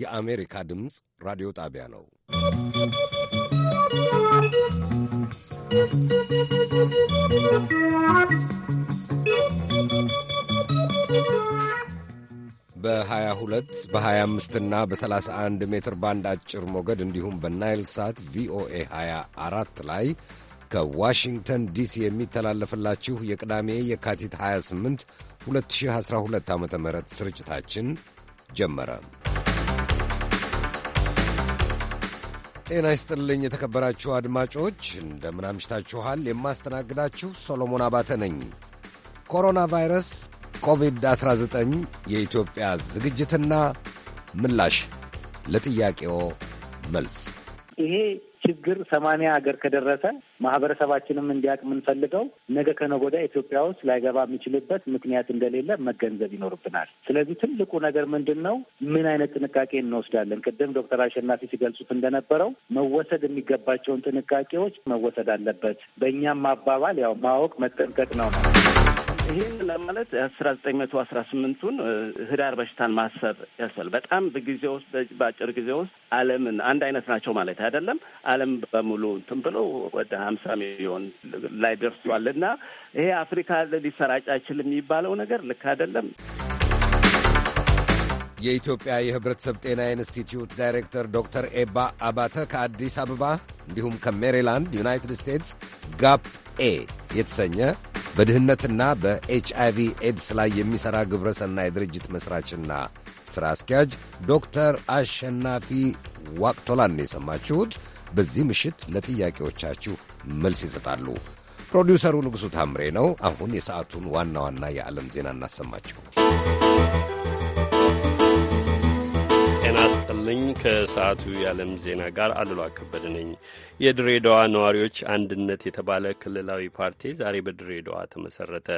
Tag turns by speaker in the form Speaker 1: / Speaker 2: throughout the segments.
Speaker 1: የአሜሪካ ድምፅ ራዲዮ ጣቢያ ነው። በ22 በ25 እና በ31 ሜትር ባንድ አጭር ሞገድ እንዲሁም በናይል ሳት ቪኦኤ 24 ላይ ከዋሽንግተን ዲሲ የሚተላለፍላችሁ የቅዳሜ የካቲት 28 2012 ዓ ም ስርጭታችን ጀመረ። ጤና ይስጥልኝ የተከበራችሁ አድማጮች፣ እንደምን አምሽታችኋል? የማስተናግዳችሁ ሶሎሞን አባተ ነኝ። ኮሮና ቫይረስ ኮቪድ-19 የኢትዮጵያ ዝግጅትና ምላሽ ለጥያቄዎ መልስ
Speaker 2: ይሄ ችግር ሰማንያ ሀገር ከደረሰ ማህበረሰባችንም እንዲያውቅ የምንፈልገው ነገ ከነጎዳ ኢትዮጵያ ውስጥ ላይገባ የሚችልበት ምክንያት እንደሌለ መገንዘብ ይኖርብናል። ስለዚህ ትልቁ ነገር ምንድን ነው? ምን አይነት ጥንቃቄ እንወስዳለን? ቅድም ዶክተር አሸናፊ ሲገልጹት እንደነበረው መወሰድ የሚገባቸውን ጥንቃቄዎች መወሰድ አለበት። በእኛም አባባል ያው ማወቅ መጠንቀቅ ነው ነው
Speaker 3: ይህን ለማለት አስራ ዘጠኝ መቶ አስራ ስምንቱን ህዳር በሽታን ማሰብ ያስል በጣም በጊዜ ውስጥ በአጭር ጊዜ ውስጥ ዓለምን አንድ አይነት ናቸው ማለት አይደለም። ዓለም በሙሉ እንትን ብሎ ወደ ሀምሳ ሚሊዮን ላይ ደርሷል እና ይሄ አፍሪካ ሊሰራጭ አይችልም የሚባለው ነገር ልክ
Speaker 1: አይደለም። የኢትዮጵያ የህብረተሰብ ጤና ኢንስቲትዩት ዳይሬክተር ዶክተር ኤባ አባተ ከአዲስ አበባ እንዲሁም ከሜሪላንድ ዩናይትድ ስቴትስ ጋፕ ኤ የተሰኘ በድህነትና በኤችአይቪ ኤድስ ላይ የሚሠራ ግብረ ሰናይ ድርጅት መሥራችና ሥራ አስኪያጅ ዶክተር አሸናፊ ዋቅቶላን የሰማችሁት። በዚህ ምሽት ለጥያቄዎቻችሁ መልስ ይሰጣሉ። ፕሮዲውሰሩ ንጉሡ ታምሬ ነው። አሁን የሰዓቱን ዋና ዋና የዓለም ዜና እናሰማችሁ።
Speaker 4: ይስጥልኝ። ከሰዓቱ የዓለም ዜና ጋር አሉላ ከበደ ነኝ። የድሬዳዋ ነዋሪዎች አንድነት የተባለ ክልላዊ ፓርቲ ዛሬ በድሬዳዋ ተመሰረተ።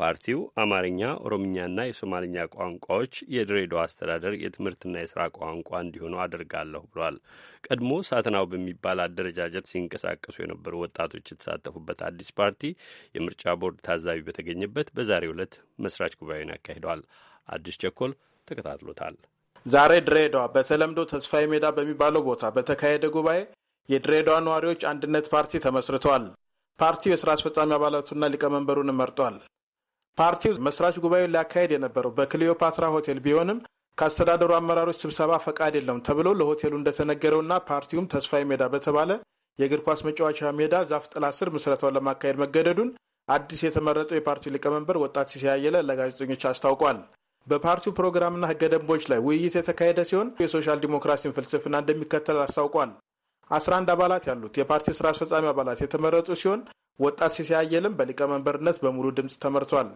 Speaker 4: ፓርቲው አማርኛ፣ ኦሮምኛና የሶማልኛ ቋንቋዎች የድሬዳዋ አስተዳደር የትምህርትና የስራ ቋንቋ እንዲሆኑ አድርጋለሁ ብሏል። ቀድሞ ሳትናው በሚባል አደረጃጀት ሲንቀሳቀሱ የነበሩ ወጣቶች የተሳተፉበት አዲስ ፓርቲ የምርጫ ቦርድ ታዛቢ በተገኘበት በዛሬው ዕለት መስራች ጉባኤውን ያካሂደዋል። አዲስ ቸኮል ተከታትሎታል። ዛሬ
Speaker 5: ድሬዳዋ በተለምዶ ተስፋዬ ሜዳ በሚባለው ቦታ በተካሄደ ጉባኤ የድሬዳዋ ነዋሪዎች አንድነት ፓርቲ ተመስርተዋል። ፓርቲው የስራ አስፈጻሚ አባላቱና ሊቀመንበሩን መርጧል። ፓርቲው መስራች ጉባኤውን ሊያካሄድ የነበረው በክሊዮፓትራ ሆቴል ቢሆንም ከአስተዳደሩ አመራሮች ስብሰባ ፈቃድ የለውም ተብሎ ለሆቴሉ እንደተነገረውና ፓርቲውም ተስፋዬ ሜዳ በተባለ የእግር ኳስ መጫወቻ ሜዳ ዛፍ ጥላ ስር ምስረታውን ለማካሄድ መገደዱን አዲስ የተመረጠው የፓርቲው ሊቀመንበር ወጣት ሲሳይ አየለ ለጋዜጠኞች አስታውቋል። በፓርቲው ፕሮግራምና ህገ ደንቦች ላይ ውይይት የተካሄደ ሲሆን የሶሻል ዲሞክራሲን ፍልስፍና እንደሚከተል አስታውቋል። አስራ አንድ አባላት ያሉት የፓርቲ ስራ አስፈጻሚ አባላት የተመረጡ ሲሆን ወጣት ሲሳይ አየለም በሊቀመንበርነት በሙሉ ድምፅ ተመርቷል።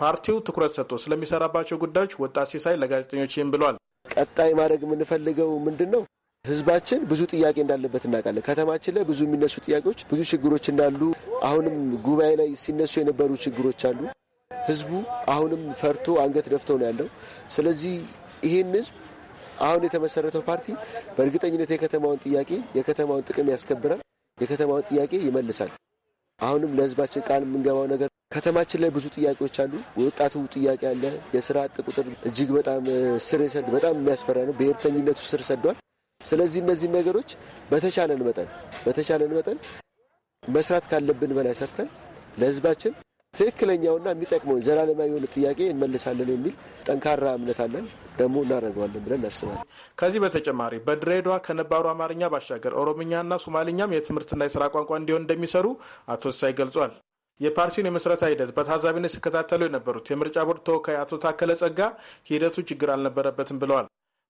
Speaker 5: ፓርቲው ትኩረት ሰጥቶ ስለሚሰራባቸው ጉዳዮች ወጣት ሲሳይ ለጋዜጠኞች ይህም ብሏል።
Speaker 6: ቀጣይ ማድረግ የምንፈልገው ምንድን ነው? ህዝባችን ብዙ ጥያቄ እንዳለበት እናውቃለን። ከተማችን ላይ ብዙ የሚነሱ ጥያቄዎች፣ ብዙ ችግሮች እንዳሉ አሁንም ጉባኤ ላይ ሲነሱ የነበሩ ችግሮች አሉ። ህዝቡ አሁንም ፈርቶ አንገት ደፍቶ ነው ያለው። ስለዚህ ይህን ህዝብ አሁን የተመሰረተው ፓርቲ በእርግጠኝነት የከተማውን ጥያቄ የከተማውን ጥቅም ያስከብራል፣ የከተማውን ጥያቄ ይመልሳል። አሁንም ለህዝባችን ቃል የምንገባው ነገር ከተማችን ላይ ብዙ ጥያቄዎች አሉ። ወጣቱ ጥያቄ አለ። የስራ አጥ ቁጥር እጅግ በጣም ስር የሰድ በጣም የሚያስፈራ ነው። ብሔርተኝነቱ ስር ሰዷል። ስለዚህ እነዚህ ነገሮች በተቻለን መጠን በተቻለን መጠን መስራት ካለብን በላይ ሰርተን ለህዝባችን ትክክለኛውና የሚጠቅመውን ዘላለማዊ የሆነ ጥያቄ እንመልሳለን የሚል ጠንካራ እምነት አለን። ደግሞ እናደርገዋለን ብለን እናስባለን።
Speaker 5: ከዚህ በተጨማሪ በድሬዳዋ ከነባሩ አማርኛ ባሻገር ኦሮምኛና ሶማሊኛም የትምህርትና የስራ ቋንቋ እንዲሆን እንደሚሰሩ አቶ ሳይ ገልጿል። የፓርቲውን የመስረታ ሂደት በታዛቢነት ሲከታተሉ የነበሩት የምርጫ ቦርድ ተወካይ አቶ ታከለ ጸጋ ሂደቱ ችግር አልነበረበትም ብለዋል።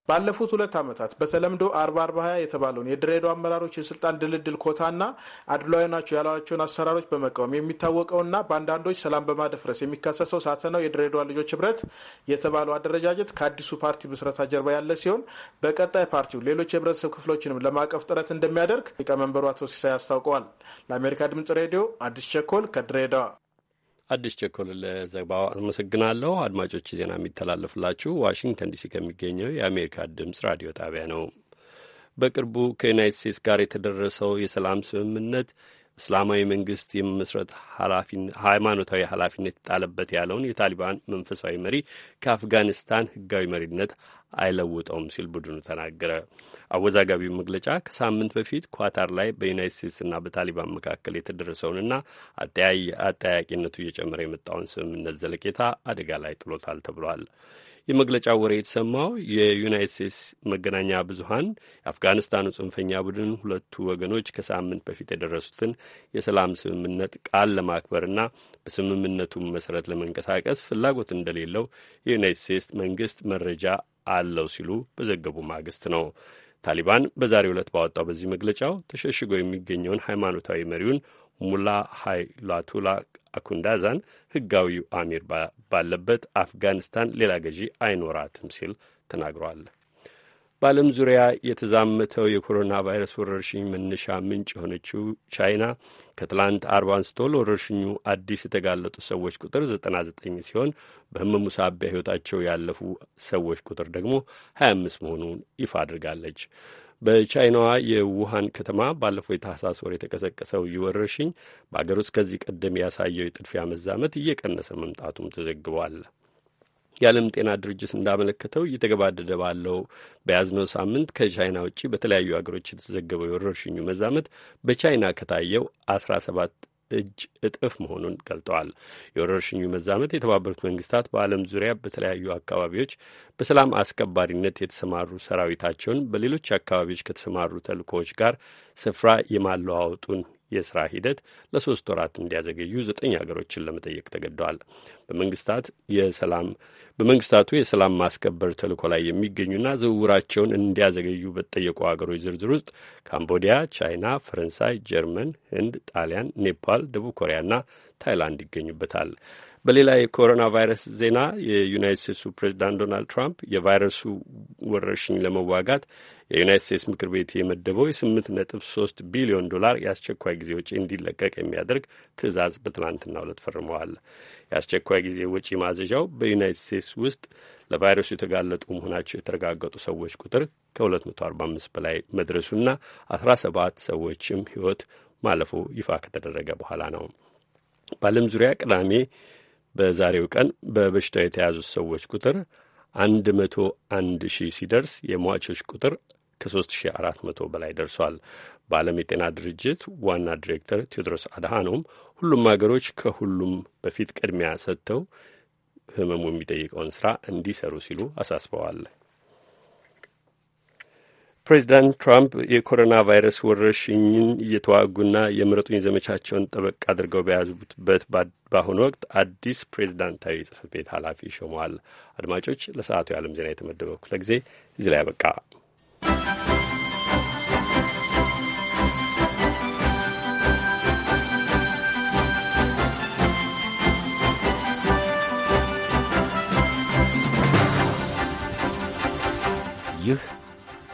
Speaker 5: ባለፉት ሁለት ዓመታት በተለምዶ አርባ አርባ ሀያ የተባለውን የድሬዳዋ አመራሮች የስልጣን ድልድል ኮታና አድሏዊ ናቸው ያሏቸውን አሰራሮች በመቃወም የሚታወቀውና በአንዳንዶች ሰላም በማደፍረስ የሚከሰሰው ሳተናው የድሬዳዋ ልጆች ህብረት የተባለው አደረጃጀት ከአዲሱ ፓርቲ ምስረታ ጀርባ ያለ ሲሆን በቀጣይ ፓርቲው ሌሎች የህብረተሰብ ክፍሎችንም ለማቀፍ ጥረት እንደሚያደርግ ሊቀመንበሩ አቶ ሲሳይ አስታውቀዋል። ለአሜሪካ ድምጽ ሬዲዮ አዲስ ቸኮል ከድሬዳዋ
Speaker 4: አዲስ ቸኮል ለዘገባው አመሰግናለሁ። አድማጮች ዜና የሚተላለፍላችሁ ዋሽንግተን ዲሲ ከሚገኘው የአሜሪካ ድምፅ ራዲዮ ጣቢያ ነው። በቅርቡ ከዩናይት ስቴትስ ጋር የተደረሰው የሰላም ስምምነት እስላማዊ መንግስት የመመስረት ሃይማኖታዊ ኃላፊነት ይጣለበት ያለውን የታሊባን መንፈሳዊ መሪ ከአፍጋኒስታን ህጋዊ መሪነት አይለውጠውም ሲል ቡድኑ ተናገረ። አወዛጋቢው መግለጫ ከሳምንት በፊት ኳታር ላይ በዩናይት ስቴትስና በታሊባን መካከል የተደረሰውንና አጠያቂነቱ እየጨመረ የመጣውን ስምምነት ዘለቄታ አደጋ ላይ ጥሎታል ተብሏል። የመግለጫው ወሬ የተሰማው የዩናይት ስቴትስ መገናኛ ብዙሀን የአፍጋኒስታኑ ጽንፈኛ ቡድን ሁለቱ ወገኖች ከሳምንት በፊት የደረሱትን የሰላም ስምምነት ቃል ለማክበርና በስምምነቱ መሰረት ለመንቀሳቀስ ፍላጎት እንደሌለው የዩናይት ስቴትስ መንግስት መረጃ አለው ሲሉ በዘገቡ ማግስት ነው። ታሊባን በዛሬው ዕለት ባወጣው በዚህ መግለጫው ተሸሽጎ የሚገኘውን ሃይማኖታዊ መሪውን ሙላ ሃይላቱላ አኩንዳዛን ህጋዊው አሚር ባለበት አፍጋኒስታን ሌላ ገዢ አይኖራትም ሲል ተናግሯል። በዓለም ዙሪያ የተዛመተው የኮሮና ቫይረስ ወረርሽኝ መነሻ ምንጭ የሆነችው ቻይና ከትላንት አርብ አንስቶ ለወረርሽኙ አዲስ የተጋለጡ ሰዎች ቁጥር 99 ሲሆን በህመሙ ሳቢያ ህይወታቸው ያለፉ ሰዎች ቁጥር ደግሞ 25 መሆኑን ይፋ አድርጋለች። በቻይናዋ የውሃን ከተማ ባለፈው የታህሳስ ወር የተቀሰቀሰው ይህ ወረርሽኝ በአገር ውስጥ ከዚህ ቀደም ያሳየው የጥድፊያ መዛመት እየቀነሰ መምጣቱም ተዘግቧል። የዓለም ጤና ድርጅት እንዳመለከተው እየተገባደደ ባለው በያዝነው ሳምንት ከቻይና ውጭ በተለያዩ ሀገሮች የተዘገበው የወረርሽኙ መዛመት በቻይና ከታየው አስራ ሰባት እጅ እጥፍ መሆኑን ገልጠዋል። የወረርሽኙ መዛመት የተባበሩት መንግስታት በዓለም ዙሪያ በተለያዩ አካባቢዎች በሰላም አስከባሪነት የተሰማሩ ሰራዊታቸውን በሌሎች አካባቢዎች ከተሰማሩ ተልእኮዎች ጋር ስፍራ የማለዋወጡን የስራ ሂደት ለሶስት ወራት እንዲያዘገዩ ዘጠኝ ሀገሮችን ለመጠየቅ ተገደዋል። በመንግስታት የሰላም በመንግስታቱ የሰላም ማስከበር ተልእኮ ላይ የሚገኙና ዝውውራቸውን እንዲያዘገዩ በተጠየቁ ሀገሮች ዝርዝር ውስጥ ካምቦዲያ፣ ቻይና፣ ፈረንሳይ፣ ጀርመን፣ ህንድ፣ ጣሊያን፣ ኔፓል፣ ደቡብ ኮሪያና ታይላንድ ይገኙበታል። በሌላ የኮሮና ቫይረስ ዜና የዩናይት ስቴትሱ ፕሬዚዳንት ዶናልድ ትራምፕ የቫይረሱ ወረርሽኝ ለመዋጋት የዩናይት ስቴትስ ምክር ቤት የመደበው የስምንት ነጥብ ሶስት ቢሊዮን ዶላር የአስቸኳይ ጊዜ ወጪ እንዲለቀቅ የሚያደርግ ትዕዛዝ በትናንትናው ዕለት ፈርመዋል። የአስቸኳይ ጊዜ ወጪ ማዘዣው በዩናይት ስቴትስ ውስጥ ለቫይረሱ የተጋለጡ መሆናቸው የተረጋገጡ ሰዎች ቁጥር ከ245 በላይ መድረሱና 17 ሰዎችም ሕይወት ማለፉ ይፋ ከተደረገ በኋላ ነው። በዓለም ዙሪያ ቅዳሜ በዛሬው ቀን በበሽታው የተያዙት ሰዎች ቁጥር 101 ሺህ ሲደርስ የሟቾች ቁጥር ከ3400 በላይ ደርሷል። በዓለም የጤና ድርጅት ዋና ዲሬክተር ቴዎድሮስ አድሃኖም ሁሉም አገሮች ከሁሉም በፊት ቅድሚያ ሰጥተው ህመሙ የሚጠይቀውን ስራ እንዲሰሩ ሲሉ አሳስበዋል። ፕሬዚዳንት ትራምፕ የኮሮና ቫይረስ ወረርሽኝን እየተዋጉና የምረጡኝ ዘመቻቸውን ጠበቅ አድርገው በያዙበት በአሁኑ ወቅት አዲስ ፕሬዚዳንታዊ ጽህፈት ቤት ኃላፊ ሾመዋል። አድማጮች፣ ለሰዓቱ የዓለም ዜና የተመደበው ክፍለ ጊዜ እዚህ ላይ አበቃ።
Speaker 1: ይህ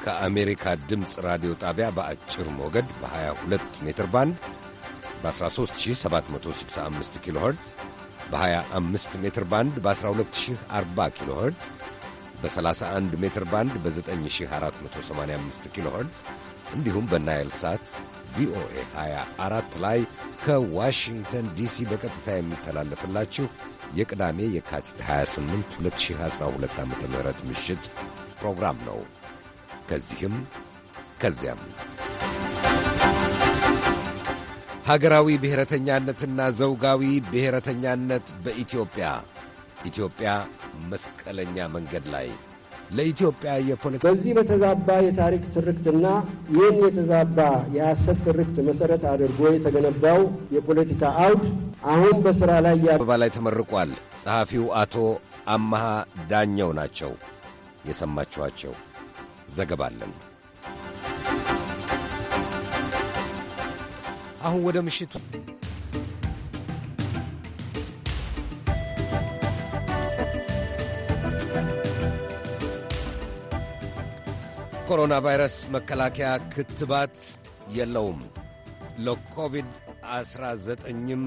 Speaker 1: ከአሜሪካ ድምፅ ራዲዮ ጣቢያ በአጭር ሞገድ በ22 ሜትር ባንድ በ13765 ኪሎ ኸርትዝ በ25 ሜትር ባንድ በ 1240 ኪሎ ኸርትዝ በ31 ሜትር ባንድ በ9485 ኪሎ ኸርትዝ እንዲሁም በናይል ሳት ቪኦኤ 24 ላይ ከዋሽንግተን ዲሲ በቀጥታ የሚተላለፍላችሁ የቅዳሜ የካቲት 28 2012 ዓ ም ምሽት ፕሮግራም ነው። ከዚህም ከዚያም ሀገራዊ ብሔረተኛነትና ዘውጋዊ ብሔረተኛነት በኢትዮጵያ ኢትዮጵያ መስቀለኛ መንገድ ላይ
Speaker 6: ለኢትዮጵያ የፖለቲካ በዚህ በተዛባ የታሪክ ትርክትና ይህን የተዛባ የሐሰት ትርክት መሠረት አድርጎ የተገነባው የፖለቲካ
Speaker 1: አውድ አሁን በሥራ ላይ አበባ ላይ ተመርቋል። ጸሐፊው አቶ አመሃ ዳኘው ናቸው የሰማችኋቸው። ዘገባለን። አሁን ወደ ምሽቱ ኮሮና ቫይረስ መከላከያ ክትባት የለውም። ለኮቪድ-19ም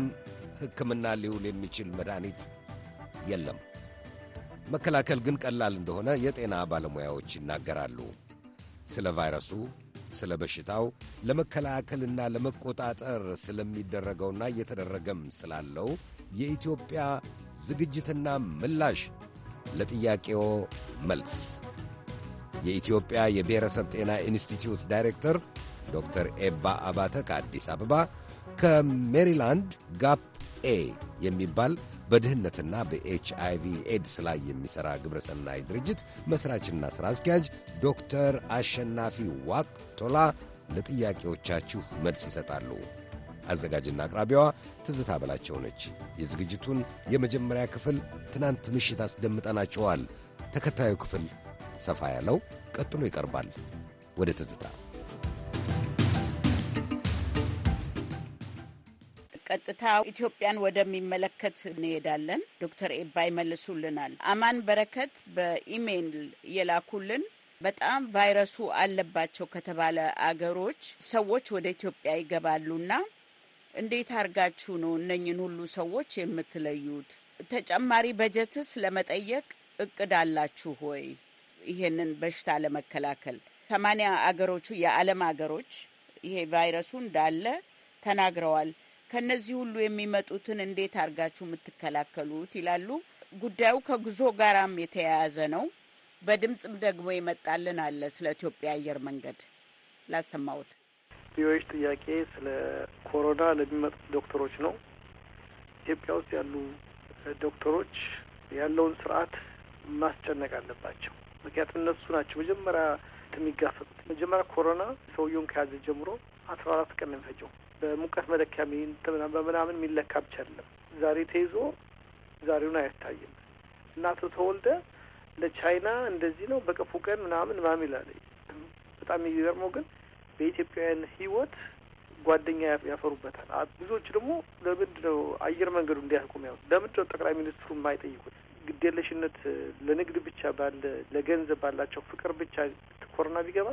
Speaker 1: ሕክምና ሊውል የሚችል መድኃኒት የለም። መከላከል ግን ቀላል እንደሆነ የጤና ባለሙያዎች ይናገራሉ። ስለ ቫይረሱ፣ ስለ በሽታው፣ ለመከላከልና ለመቆጣጠር ስለሚደረገውና እየተደረገም ስላለው የኢትዮጵያ ዝግጅትና ምላሽ ለጥያቄዎ መልስ የኢትዮጵያ የብሔረሰብ ጤና ኢንስቲትዩት ዳይሬክተር ዶክተር ኤባ አባተ ከአዲስ አበባ ከሜሪላንድ ጋፕ ኤ የሚባል በድህነትና በኤች ኤድስ ላይ የሚሠራ ግብረሰናይ ድርጅት መሥራችና ሥራ አስኪያጅ ዶክተር አሸናፊ ዋቅ ቶላ ለጥያቄዎቻችሁ መልስ ይሰጣሉ። አዘጋጅና አቅራቢዋ ትዝታ በላቸው ነች። የዝግጅቱን የመጀመሪያ ክፍል ትናንት ምሽት አስደምጠናቸዋል። ተከታዩ ክፍል ሰፋ ያለው ቀጥሎ ይቀርባል። ወደ ትዝታ
Speaker 7: ቀጥታ ኢትዮጵያን ወደሚመለከት እንሄዳለን። ዶክተር ኤባ ይመልሱልናል። አማን በረከት በኢሜይል የላኩልን በጣም ቫይረሱ አለባቸው ከተባለ አገሮች ሰዎች ወደ ኢትዮጵያ ይገባሉና እንዴት አድርጋችሁ ነው እነኝን ሁሉ ሰዎች የምትለዩት? ተጨማሪ በጀትስ ለመጠየቅ እቅድ አላችሁ ሆይ? ይሄንን በሽታ ለመከላከል ሰማንያ አገሮቹ የዓለም አገሮች ይሄ ቫይረሱ እንዳለ ተናግረዋል። ከነዚህ ሁሉ የሚመጡትን እንዴት አድርጋችሁ የምትከላከሉት ይላሉ። ጉዳዩ ከጉዞ ጋራም የተያያዘ ነው። በድምፅም ደግሞ ይመጣልን አለ። ስለ ኢትዮጵያ አየር መንገድ ላሰማሁት
Speaker 8: ቪዎች ጥያቄ ስለ ኮሮና ለሚመጡት ዶክተሮች ነው። ኢትዮጵያ ውስጥ ያሉ ዶክተሮች ያለውን ስርዓት ማስጨነቅ አለባቸው። ምክንያቱም እነሱ ናቸው መጀመሪያ የሚጋፈጡት። መጀመሪያ ኮሮና ሰውየውን ከያዘ ጀምሮ አስራ አራት ቀን ነው የሚፈጀው በሙቀት መለኪያ በምናምን የሚለካ ብቻ አይደለም። ዛሬ ተይዞ ዛሬውን አያታይም እና አቶ ተወልደ ለቻይና እንደዚህ ነው በቅፉ ቀን ምናምን ማም ይላል። በጣም የሚገርመው ግን በኢትዮጵያውያን ህይወት ጓደኛ ያፈሩበታል። ብዙዎች ደግሞ ለምንድን ነው አየር መንገዱ እንዲያስቆም ያው ለምንድን ነው ጠቅላይ ሚኒስትሩ የማይጠይቁት? ግዴለሽነት ለንግድ ብቻ ባለ ለገንዘብ ባላቸው ፍቅር ብቻ ኮሮና ቢገባ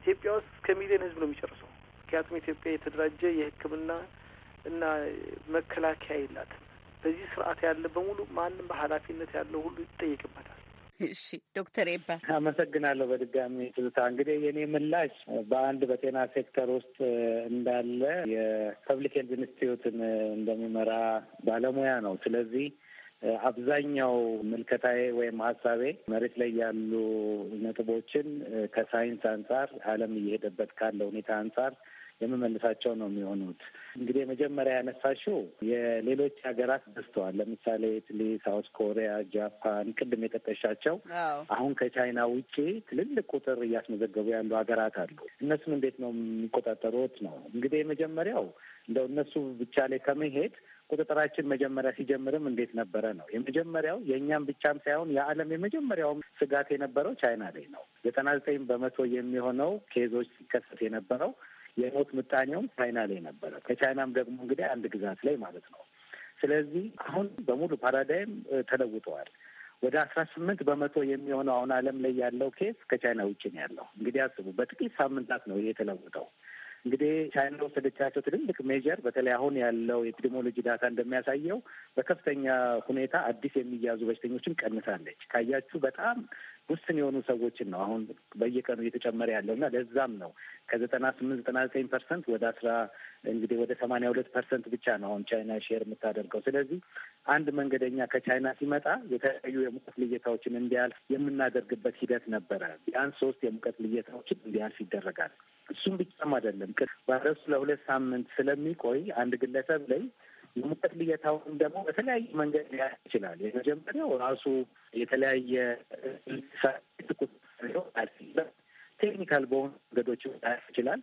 Speaker 8: ኢትዮጵያ ውስጥ እስከ ሚሊዮን ህዝብ ነው የሚጨርሰው። ምክንያቱም ኢትዮጵያ የተደራጀ የሕክምና እና መከላከያ የላትም። በዚህ ስርዓት ያለ በሙሉ ማንም ኃላፊነት ያለው ሁሉ ይጠየቅበታል።
Speaker 2: እሺ ዶክተር ኤባ አመሰግናለሁ። በድጋሚ ትዝታ፣ እንግዲህ የኔ ምላሽ በአንድ በጤና ሴክተር ውስጥ እንዳለ የፐብሊክ ሄልዝ ኢንስቲትዩትን እንደሚመራ ባለሙያ ነው። ስለዚህ አብዛኛው ምልከታዬ ወይም ሀሳቤ መሬት ላይ ያሉ ነጥቦችን ከሳይንስ አንጻር ዓለም እየሄደበት ካለ ሁኔታ አንጻር የምመልሳቸው ነው የሚሆኑት። እንግዲህ የመጀመሪያ ያነሳሽው የሌሎች ሀገራት በዝተዋል። ለምሳሌ ኢትሊ፣ ሳውት ኮሪያ፣ ጃፓን ቅድም የጠቀሻቸው አሁን ከቻይና ውጪ ትልልቅ ቁጥር እያስመዘገቡ ያሉ ሀገራት አሉ። እነሱም እንዴት ነው የሚቆጣጠሩት ነው እንግዲህ የመጀመሪያው እንደው እነሱ ብቻ ላይ ከመሄድ ቁጥጥራችን መጀመሪያ ሲጀምርም እንዴት ነበረ ነው። የመጀመሪያው የእኛም ብቻም ሳይሆን የዓለም የመጀመሪያውም ስጋት የነበረው ቻይና ላይ ነው። ዘጠና ዘጠኝ በመቶ የሚሆነው ኬዞች ሲከሰት የነበረው የሞት ምጣኔው ቻይና ላይ ነበረ። ከቻይናም ደግሞ እንግዲህ አንድ ግዛት ላይ ማለት ነው። ስለዚህ አሁን በሙሉ ፓራዳይም ተለውጠዋል። ወደ አስራ ስምንት በመቶ የሚሆነው አሁን ዓለም ላይ ያለው ኬስ ከቻይና ውጭ ነው ያለው። እንግዲህ አስቡ፣ በጥቂት ሳምንታት ነው ይሄ የተለወጠው። እንግዲህ ቻይና ወሰደቻቸው ትልልቅ ሜጀር፣ በተለይ አሁን ያለው የኤፒዲሞሎጂ ዳታ እንደሚያሳየው በከፍተኛ ሁኔታ አዲስ የሚያዙ በሽተኞችን ቀንሳለች። ካያችሁ በጣም ውስን የሆኑ ሰዎችን ነው አሁን በየቀኑ እየተጨመረ ያለው እና ለዛም ነው ከዘጠና ስምንት ዘጠና ዘጠኝ ፐርሰንት ወደ አስራ እንግዲህ ወደ ሰማንያ ሁለት ፐርሰንት ብቻ ነው አሁን ቻይና ሼር የምታደርገው። ስለዚህ አንድ መንገደኛ ከቻይና ሲመጣ የተለያዩ የሙቀት ልየታዎችን እንዲያልፍ የምናደርግበት ሂደት ነበረ። ቢያንስ ሶስት የሙቀት ልየታዎችን እንዲያልፍ ይደረጋል። እሱም ብቻም አይደለም፣ ቫይረሱ ለሁለት ሳምንት ስለሚቆይ አንድ ግለሰብ ላይ የሙቀት ልየታውን ደግሞ በተለያየ መንገድ ሊያ ይችላል። የመጀመሪያው ራሱ የተለያየ ቴክኒካል በሆኑ መንገዶች ይችላል።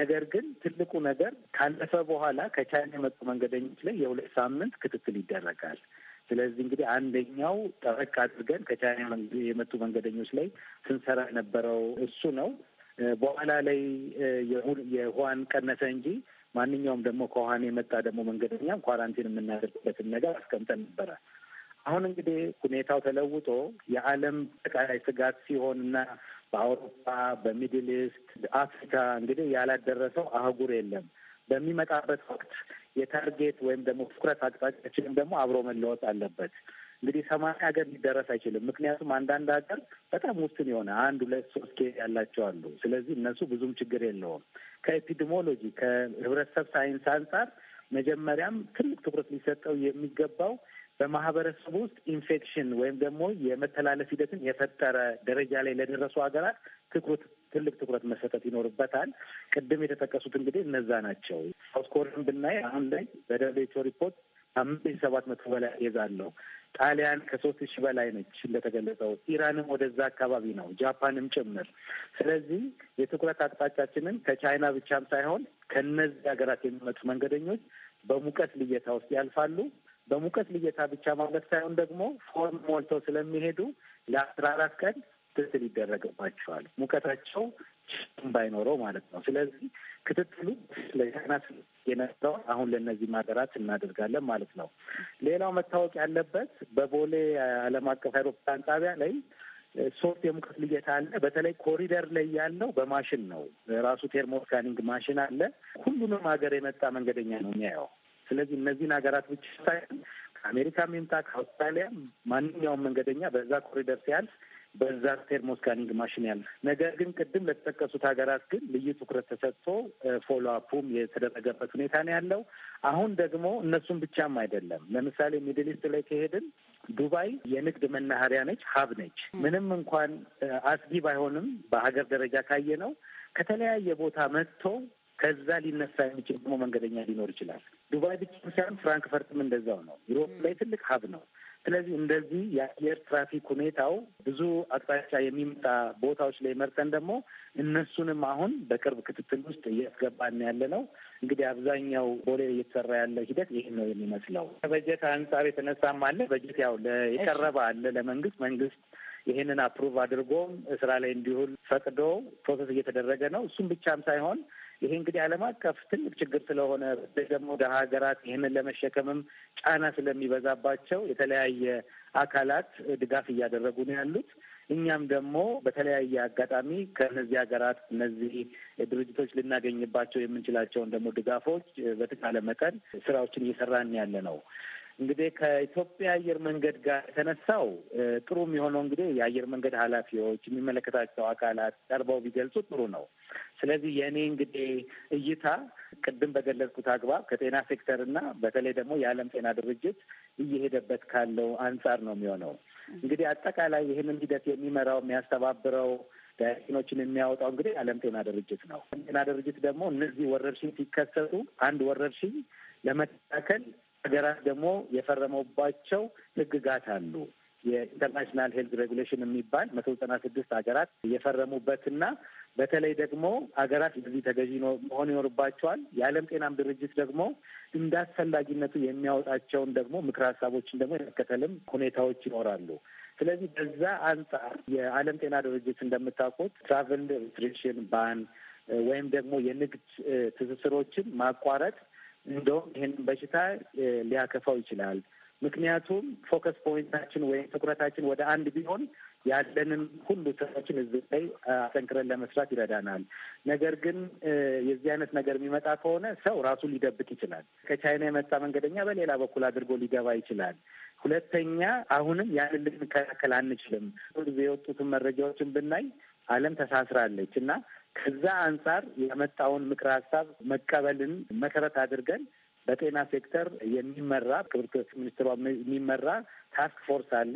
Speaker 2: ነገር ግን ትልቁ ነገር ካለፈ በኋላ ከቻይና የመጡ መንገደኞች ላይ የሁለት ሳምንት ክትትል ይደረጋል። ስለዚህ እንግዲህ አንደኛው ጠበቅ አድርገን ከቻይና የመጡ መንገደኞች ላይ ስንሰራ የነበረው እሱ ነው። በኋላ ላይ የሁዋን ቀነሰ እንጂ ማንኛውም ደግሞ ከውሃን የመጣ ደግሞ መንገደኛም ኳራንቲን የምናደርግበትን ነገር አስቀምጠን ነበረ። አሁን እንግዲህ ሁኔታው ተለውጦ የዓለም ጠቃላይ ስጋት ሲሆን እና በአውሮፓ በሚድል ኢስት አፍሪካ እንግዲህ ያላደረሰው አህጉር የለም። በሚመጣበት ወቅት የታርጌት ወይም ደግሞ ትኩረት አቅጣጫችንም ደግሞ አብሮ መለወጥ አለበት። እንግዲህ ሰማንያ ሀገር ሊደረስ አይችልም። ምክንያቱም አንዳንድ ሀገር በጣም ውስን የሆነ አንድ ሁለት ሶስት ኬዝ ያላቸው አሉ። ስለዚህ እነሱ ብዙም ችግር የለውም። ከኤፒዲሞሎጂ ከህብረተሰብ ሳይንስ አንጻር መጀመሪያም ትልቅ ትኩረት ሊሰጠው የሚገባው በማህበረሰቡ ውስጥ ኢንፌክሽን ወይም ደግሞ የመተላለፍ ሂደትን የፈጠረ ደረጃ ላይ ለደረሱ ሀገራት ትኩረት ትልቅ ትኩረት መሰጠት ይኖርበታል። ቅድም የተጠቀሱት እንግዲህ እነዛ ናቸው። ሳውዝ ኮሪያን ብናይ አሁን ላይ በደብሊው ኤች ኦ ሪፖርት አምስት ሺህ ሰባት መቶ በላይ ይዛለው ጣሊያን ከሶስት ሺህ በላይ ነች እንደተገለጸው፣ ኢራንም ወደዛ አካባቢ ነው፣ ጃፓንም ጭምር። ስለዚህ የትኩረት አቅጣጫችንን ከቻይና ብቻም ሳይሆን ከነዚህ ሀገራት የሚመጡ መንገደኞች በሙቀት ልየታ ውስጥ ያልፋሉ። በሙቀት ልየታ ብቻ ማለት ሳይሆን ደግሞ ፎርም ሞልተው ስለሚሄዱ ለአስራ አራት ቀን ክትትል ይደረግባቸዋል። ሙቀታቸው ባይኖረው ማለት ነው። ስለዚህ ክትትሉ ለህናት የነበረው አሁን ለእነዚህ ማደራት እናደርጋለን ማለት ነው። ሌላው መታወቅ ያለበት በቦሌ ዓለም አቀፍ አይሮፕላን ጣቢያ ላይ ሶስት የሙቀት ልየታ አለ። በተለይ ኮሪደር ላይ ያለው በማሽን ነው። ራሱ ቴርሞስካኒንግ ማሽን አለ። ሁሉንም ሀገር የመጣ መንገደኛ ነው የሚያየው። ስለዚህ እነዚህን ሀገራት ብቻ ሳይሆን ከአሜሪካም ይምጣ ከአውስትራሊያ ማንኛውም መንገደኛ በዛ ኮሪደር ሲያልፍ በዛ ቴርሞ ስካኒንግ ማሽን ያለ። ነገር ግን ቅድም ለተጠቀሱት ሀገራት ግን ልዩ ትኩረት ተሰጥቶ ፎሎ አፑም የተደረገበት ሁኔታ ነው ያለው። አሁን ደግሞ እነሱም ብቻም አይደለም። ለምሳሌ ሚድል ኢስት ላይ ከሄድን ዱባይ የንግድ መናኸሪያ ነች፣ ሀብ ነች። ምንም እንኳን አስጊ ባይሆንም በሀገር ደረጃ ካየ ነው ከተለያየ ቦታ መጥቶ ከዛ ሊነሳ የሚችል ደግሞ መንገደኛ ሊኖር ይችላል። ዱባይ ብቻ ሳይሆን ፍራንክፈርትም እንደዛው ነው። ዩሮፕ ላይ ትልቅ ሀብ ነው። ስለዚህ እንደዚህ የአየር ትራፊክ ሁኔታው ብዙ አቅጣጫ የሚመጣ ቦታዎች ላይ መርተን ደግሞ እነሱንም አሁን በቅርብ ክትትል ውስጥ እያስገባን ያለ ነው። እንግዲህ አብዛኛው ቦሌ እየተሰራ ያለው ሂደት ይህ ነው የሚመስለው። ከበጀት አንጻር የተነሳም አለ በጀት ያው የቀረበ አለ ለመንግስት መንግስት ይህንን አፕሩቭ አድርጎ ስራ ላይ እንዲሁል ፈቅዶ ፕሮሰስ እየተደረገ ነው። እሱም ብቻም ሳይሆን ይሄ እንግዲህ ዓለም አቀፍ ትልቅ ችግር ስለሆነ ደግሞ ወደ ሀገራት ይህንን ለመሸከምም ጫና ስለሚበዛባቸው የተለያየ አካላት ድጋፍ እያደረጉ ነው ያሉት። እኛም ደግሞ በተለያየ አጋጣሚ ከእነዚህ ሀገራት እነዚህ ድርጅቶች ልናገኝባቸው የምንችላቸውን ደግሞ ድጋፎች በተቻለ መጠን ስራዎችን እየሰራን ያለ ነው። እንግዲህ ከኢትዮጵያ አየር መንገድ ጋር የተነሳው ጥሩ የሚሆነው እንግዲህ የአየር መንገድ ኃላፊዎች የሚመለከታቸው አካላት ቀርበው ቢገልጹ ጥሩ ነው። ስለዚህ የእኔ እንግዲህ እይታ ቅድም በገለጽኩት አግባብ ከጤና ሴክተር እና በተለይ ደግሞ የዓለም ጤና ድርጅት እየሄደበት ካለው አንጻር ነው የሚሆነው። እንግዲህ አጠቃላይ ይህንን ሂደት የሚመራው የሚያስተባብረው ዳይሬክሽኖችን የሚያወጣው እንግዲህ የዓለም ጤና ድርጅት ነው። ጤና ድርጅት ደግሞ እነዚህ ወረርሽኝ ሲከሰቱ አንድ ወረርሽኝ ለመከላከል ሀገራት ደግሞ የፈረመባቸው ህግጋት አሉ። የኢንተርናሽናል ሄልት ሬጉሌሽን የሚባል መቶ ዘጠና ስድስት ሀገራት የፈረሙበትና በተለይ ደግሞ ሀገራት ለዚህ ተገዢ መሆን ይኖርባቸዋል። የዓለም ጤናም ድርጅት ደግሞ እንደ አስፈላጊነቱ የሚያወጣቸውን ደግሞ ምክር ሀሳቦችን ደግሞ የመከተልም ሁኔታዎች ይኖራሉ። ስለዚህ በዛ አንጻር የዓለም ጤና ድርጅት እንደምታውቁት ትራቨል ሪስትሪክሽን ባን ወይም ደግሞ የንግድ ትስስሮችን ማቋረጥ እንደውም ይህን በሽታ ሊያከፋው ይችላል። ምክንያቱም ፎከስ ፖይንታችን ወይም ትኩረታችን ወደ አንድ ቢሆን ያለንን ሁሉ ስራችን እዚህ ላይ አጠንክረን ለመስራት ይረዳናል። ነገር ግን የዚህ አይነት ነገር የሚመጣ ከሆነ ሰው ራሱ ሊደብቅ ይችላል። ከቻይና የመጣ መንገደኛ በሌላ በኩል አድርጎ ሊገባ ይችላል። ሁለተኛ አሁንም ያንን ልንከላከል አንችልም። ሁልጊዜ የወጡትን መረጃዎችን ብናይ ዓለም ተሳስራለች እና ከዛ አንጻር የመጣውን ምክር ሀሳብ መቀበልን መሰረት አድርገን በጤና ሴክተር የሚመራ ክብርት ሚኒስትሯ የሚመራ ታስክ ፎርስ አለ።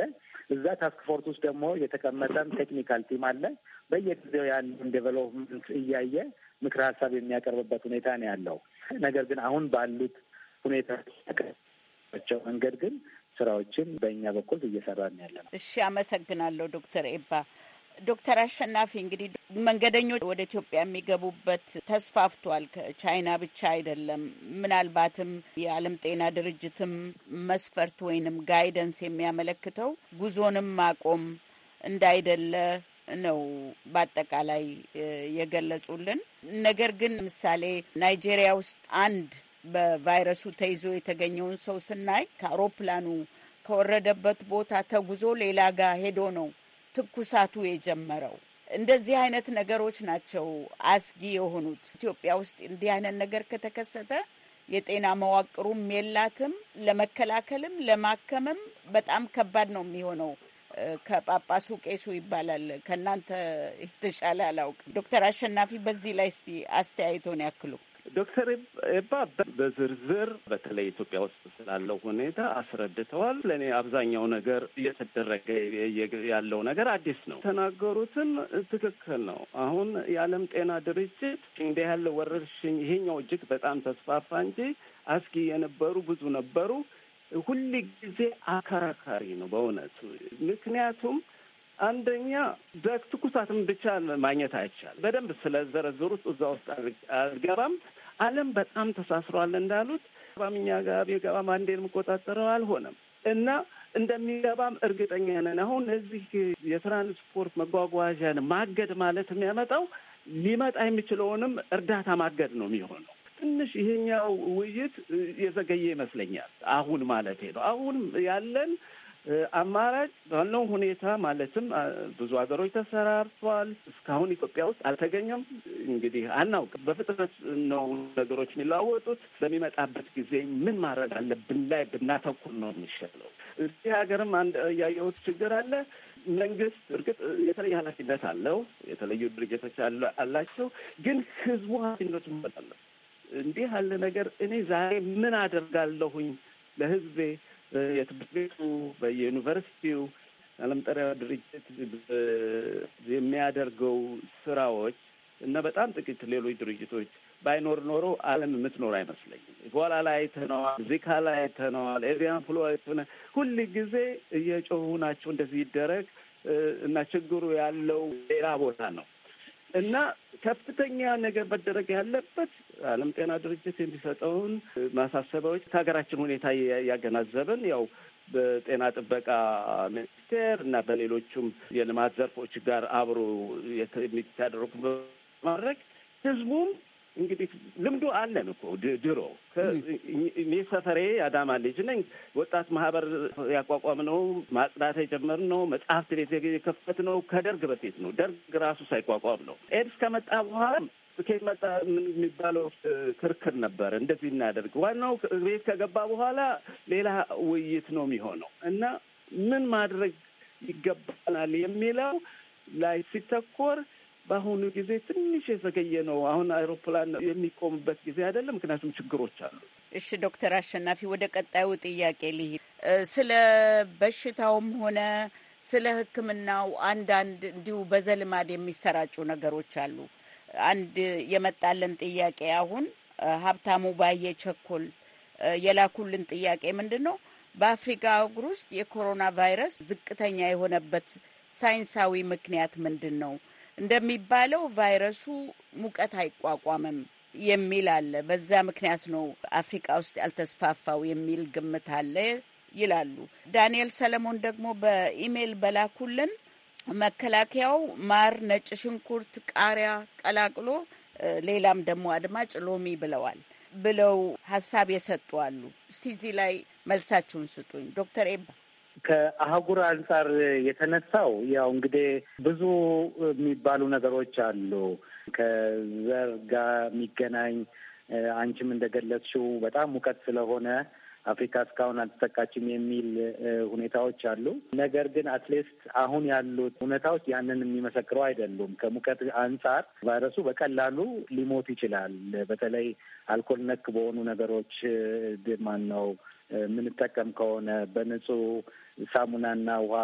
Speaker 2: እዛ ታስክ ፎርስ ውስጥ ደግሞ የተቀመጠም ቴክኒካል ቲም አለ። በየጊዜው ያለውን ዴቨሎፕመንት እያየ ምክር ሀሳብ የሚያቀርብበት ሁኔታ ነው ያለው። ነገር ግን አሁን ባሉት ሁኔታቸው መንገድ ግን ስራዎችን በእኛ በኩል እየሰራን ያለ ነው።
Speaker 7: እሺ፣ አመሰግናለሁ ዶክተር ኤባ ዶክተር አሸናፊ እንግዲህ መንገደኞች ወደ ኢትዮጵያ የሚገቡበት ተስፋፍቷል። ከቻይና ብቻ አይደለም። ምናልባትም የዓለም ጤና ድርጅትም መስፈርት ወይንም ጋይደንስ የሚያመለክተው ጉዞንም ማቆም እንዳይደለ ነው በአጠቃላይ የገለጹልን። ነገር ግን ምሳሌ ናይጄሪያ ውስጥ አንድ በቫይረሱ ተይዞ የተገኘውን ሰው ስናይ ከአውሮፕላኑ ከወረደበት ቦታ ተጉዞ ሌላ ጋር ሄዶ ነው ትኩሳቱ የጀመረው። እንደዚህ አይነት ነገሮች ናቸው አስጊ የሆኑት። ኢትዮጵያ ውስጥ እንዲህ አይነት ነገር ከተከሰተ የጤና መዋቅሩም የላትም፣ ለመከላከልም ለማከምም በጣም ከባድ ነው የሚሆነው። ከጳጳሱ ቄሱ ይባላል። ከእናንተ የተሻለ አላውቅም። ዶክተር አሸናፊ በዚህ ላይ እስቲ አስተያየቶን ያክሉ። ዶክተር
Speaker 3: ኤባ በዝርዝር በተለይ ኢትዮጵያ ውስጥ ስላለው ሁኔታ አስረድተዋል። ለእኔ አብዛኛው ነገር እየተደረገ ያለው ነገር አዲስ ነው። የተናገሩትም ትክክል ነው። አሁን የዓለም ጤና ድርጅት እንዲህ ያለ ወረርሽኝ ይሄኛው እጅግ በጣም ተስፋፋ እንጂ አስጊ የነበሩ ብዙ ነበሩ። ሁል ጊዜ አከራካሪ ነው በእውነቱ ምክንያቱም አንደኛ በትኩሳትም ብቻ ማግኘት አይቻል። በደንብ ስለዘረዘሩት እዛ ውስጥ አልገባም። ዓለም በጣም ተሳስሯል እንዳሉት ባምኛ ጋር ቢገባም አንዴ የምቆጣጠረው አልሆነም እና እንደሚገባም እርግጠኛ ነን። አሁን እዚህ የትራንስፖርት መጓጓዣን ማገድ ማለት የሚያመጣው ሊመጣ የሚችለውንም እርዳታ ማገድ ነው የሚሆነው። ትንሽ ይሄኛው ውይይት የዘገየ ይመስለኛል። አሁን ማለት ነው። አሁን ያለን አማራጭ ባለው ሁኔታ ማለትም ብዙ ሀገሮች ተሰራርቷል። እስካሁን ኢትዮጵያ ውስጥ አልተገኘም። እንግዲህ አናውቅም። በፍጥነት ነው ነገሮች የሚለዋወጡት። በሚመጣበት ጊዜ ምን ማድረግ አለብን ላይ ብናተኩር ነው የሚሻለው። እዚህ ሀገርም አንድ ያየሁት ችግር አለ። መንግስት እርግጥ የተለየ ኃላፊነት አለው። የተለዩ ድርጅቶች አላቸው። ግን ህዝቡ ኃላፊነቱ መጣለ እንዲህ ያለ ነገር እኔ ዛሬ ምን አደርጋለሁኝ ለህዝቤ በየትምህርት ቤቱ በየዩኒቨርሲቲው ዓለም ጠሪያ ድርጅት የሚያደርገው ስራዎች እና በጣም ጥቂት ሌሎች ድርጅቶች ባይኖር ኖሮ ዓለም የምትኖር አይመስለኝም። ኢቦላ ላይ አይተነዋል፣ ዚካ ላይ አይተነዋል፣ ኤቪያን ፍሉ ሁል ጊዜ እየጮሁ ናቸው እንደዚህ ይደረግ እና ችግሩ ያለው ሌላ ቦታ ነው እና ከፍተኛ ነገር መደረግ ያለበት ዓለም ጤና ድርጅት የሚሰጠውን ማሳሰቢያዎች ከሀገራችን ሁኔታ ያገናዘብን ያው በጤና ጥበቃ ሚኒስቴር እና በሌሎቹም የልማት ዘርፎች ጋር አብሮ የሚታደረጉ ማድረግ ህዝቡም እንግዲህ ልምዱ አለን እኮ ድሮ እኔ ሰፈሬ አዳማ ልጅ ነኝ። ወጣት ማህበር ያቋቋምነው ማጽዳት የጀመርነው መጽሐፍት ቤት የከፈትነው ከደርግ በፊት ነው። ደርግ ራሱ ሳይቋቋም ነው። ኤድስ ከመጣ በኋላ ስኬት መጣ የሚባለው ክርክር ነበር። እንደዚህ እናደርግ ዋናው ቤት ከገባ በኋላ ሌላ ውይይት ነው የሚሆነው እና ምን ማድረግ ይገባናል የሚለው ላይ ሲተኮር በአሁኑ ጊዜ ትንሽ የዘገየ ነው። አሁን አይሮፕላን የሚቆምበት ጊዜ አይደለም፣ ምክንያቱም ችግሮች አሉ።
Speaker 7: እሺ ዶክተር አሸናፊ ወደ ቀጣዩ ጥያቄ ልሂድ። ስለ በሽታውም ሆነ ስለ ሕክምናው አንዳንድ እንዲሁ በዘልማድ የሚሰራጩ ነገሮች አሉ። አንድ የመጣልን ጥያቄ አሁን ሀብታሙ ባየ ቸኮል የላኩልን ጥያቄ ምንድን ነው? በአፍሪካ አህጉር ውስጥ የኮሮና ቫይረስ ዝቅተኛ የሆነበት ሳይንሳዊ ምክንያት ምንድን ነው? እንደሚባለው ቫይረሱ ሙቀት አይቋቋምም የሚል አለ። በዛ ምክንያት ነው አፍሪቃ ውስጥ ያልተስፋፋው የሚል ግምት አለ ይላሉ። ዳንኤል ሰለሞን ደግሞ በኢሜይል በላኩልን መከላከያው ማር፣ ነጭ ሽንኩርት፣ ቃሪያ ቀላቅሎ ሌላም ደግሞ አድማጭ ሎሚ ብለዋል ብለው ሀሳብ የሰጡ አሉ። እስቲ እዚህ ላይ መልሳችሁን ስጡኝ ዶክተር ኤባ
Speaker 2: ከአህጉር አንጻር የተነሳው ያው እንግዲህ ብዙ የሚባሉ ነገሮች አሉ። ከዘር ጋር የሚገናኝ አንቺም እንደገለጽሽው በጣም ሙቀት ስለሆነ አፍሪካ እስካሁን አልተጠቃችም የሚል ሁኔታዎች አሉ። ነገር ግን አትሊስት አሁን ያሉት ሁኔታዎች ያንን የሚመሰክረው አይደሉም። ከሙቀት አንጻር ቫይረሱ በቀላሉ ሊሞት ይችላል። በተለይ አልኮል ነክ በሆኑ ነገሮች ማን ነው የምንጠቀም ከሆነ በንጹህ ሳሙናና ውሃ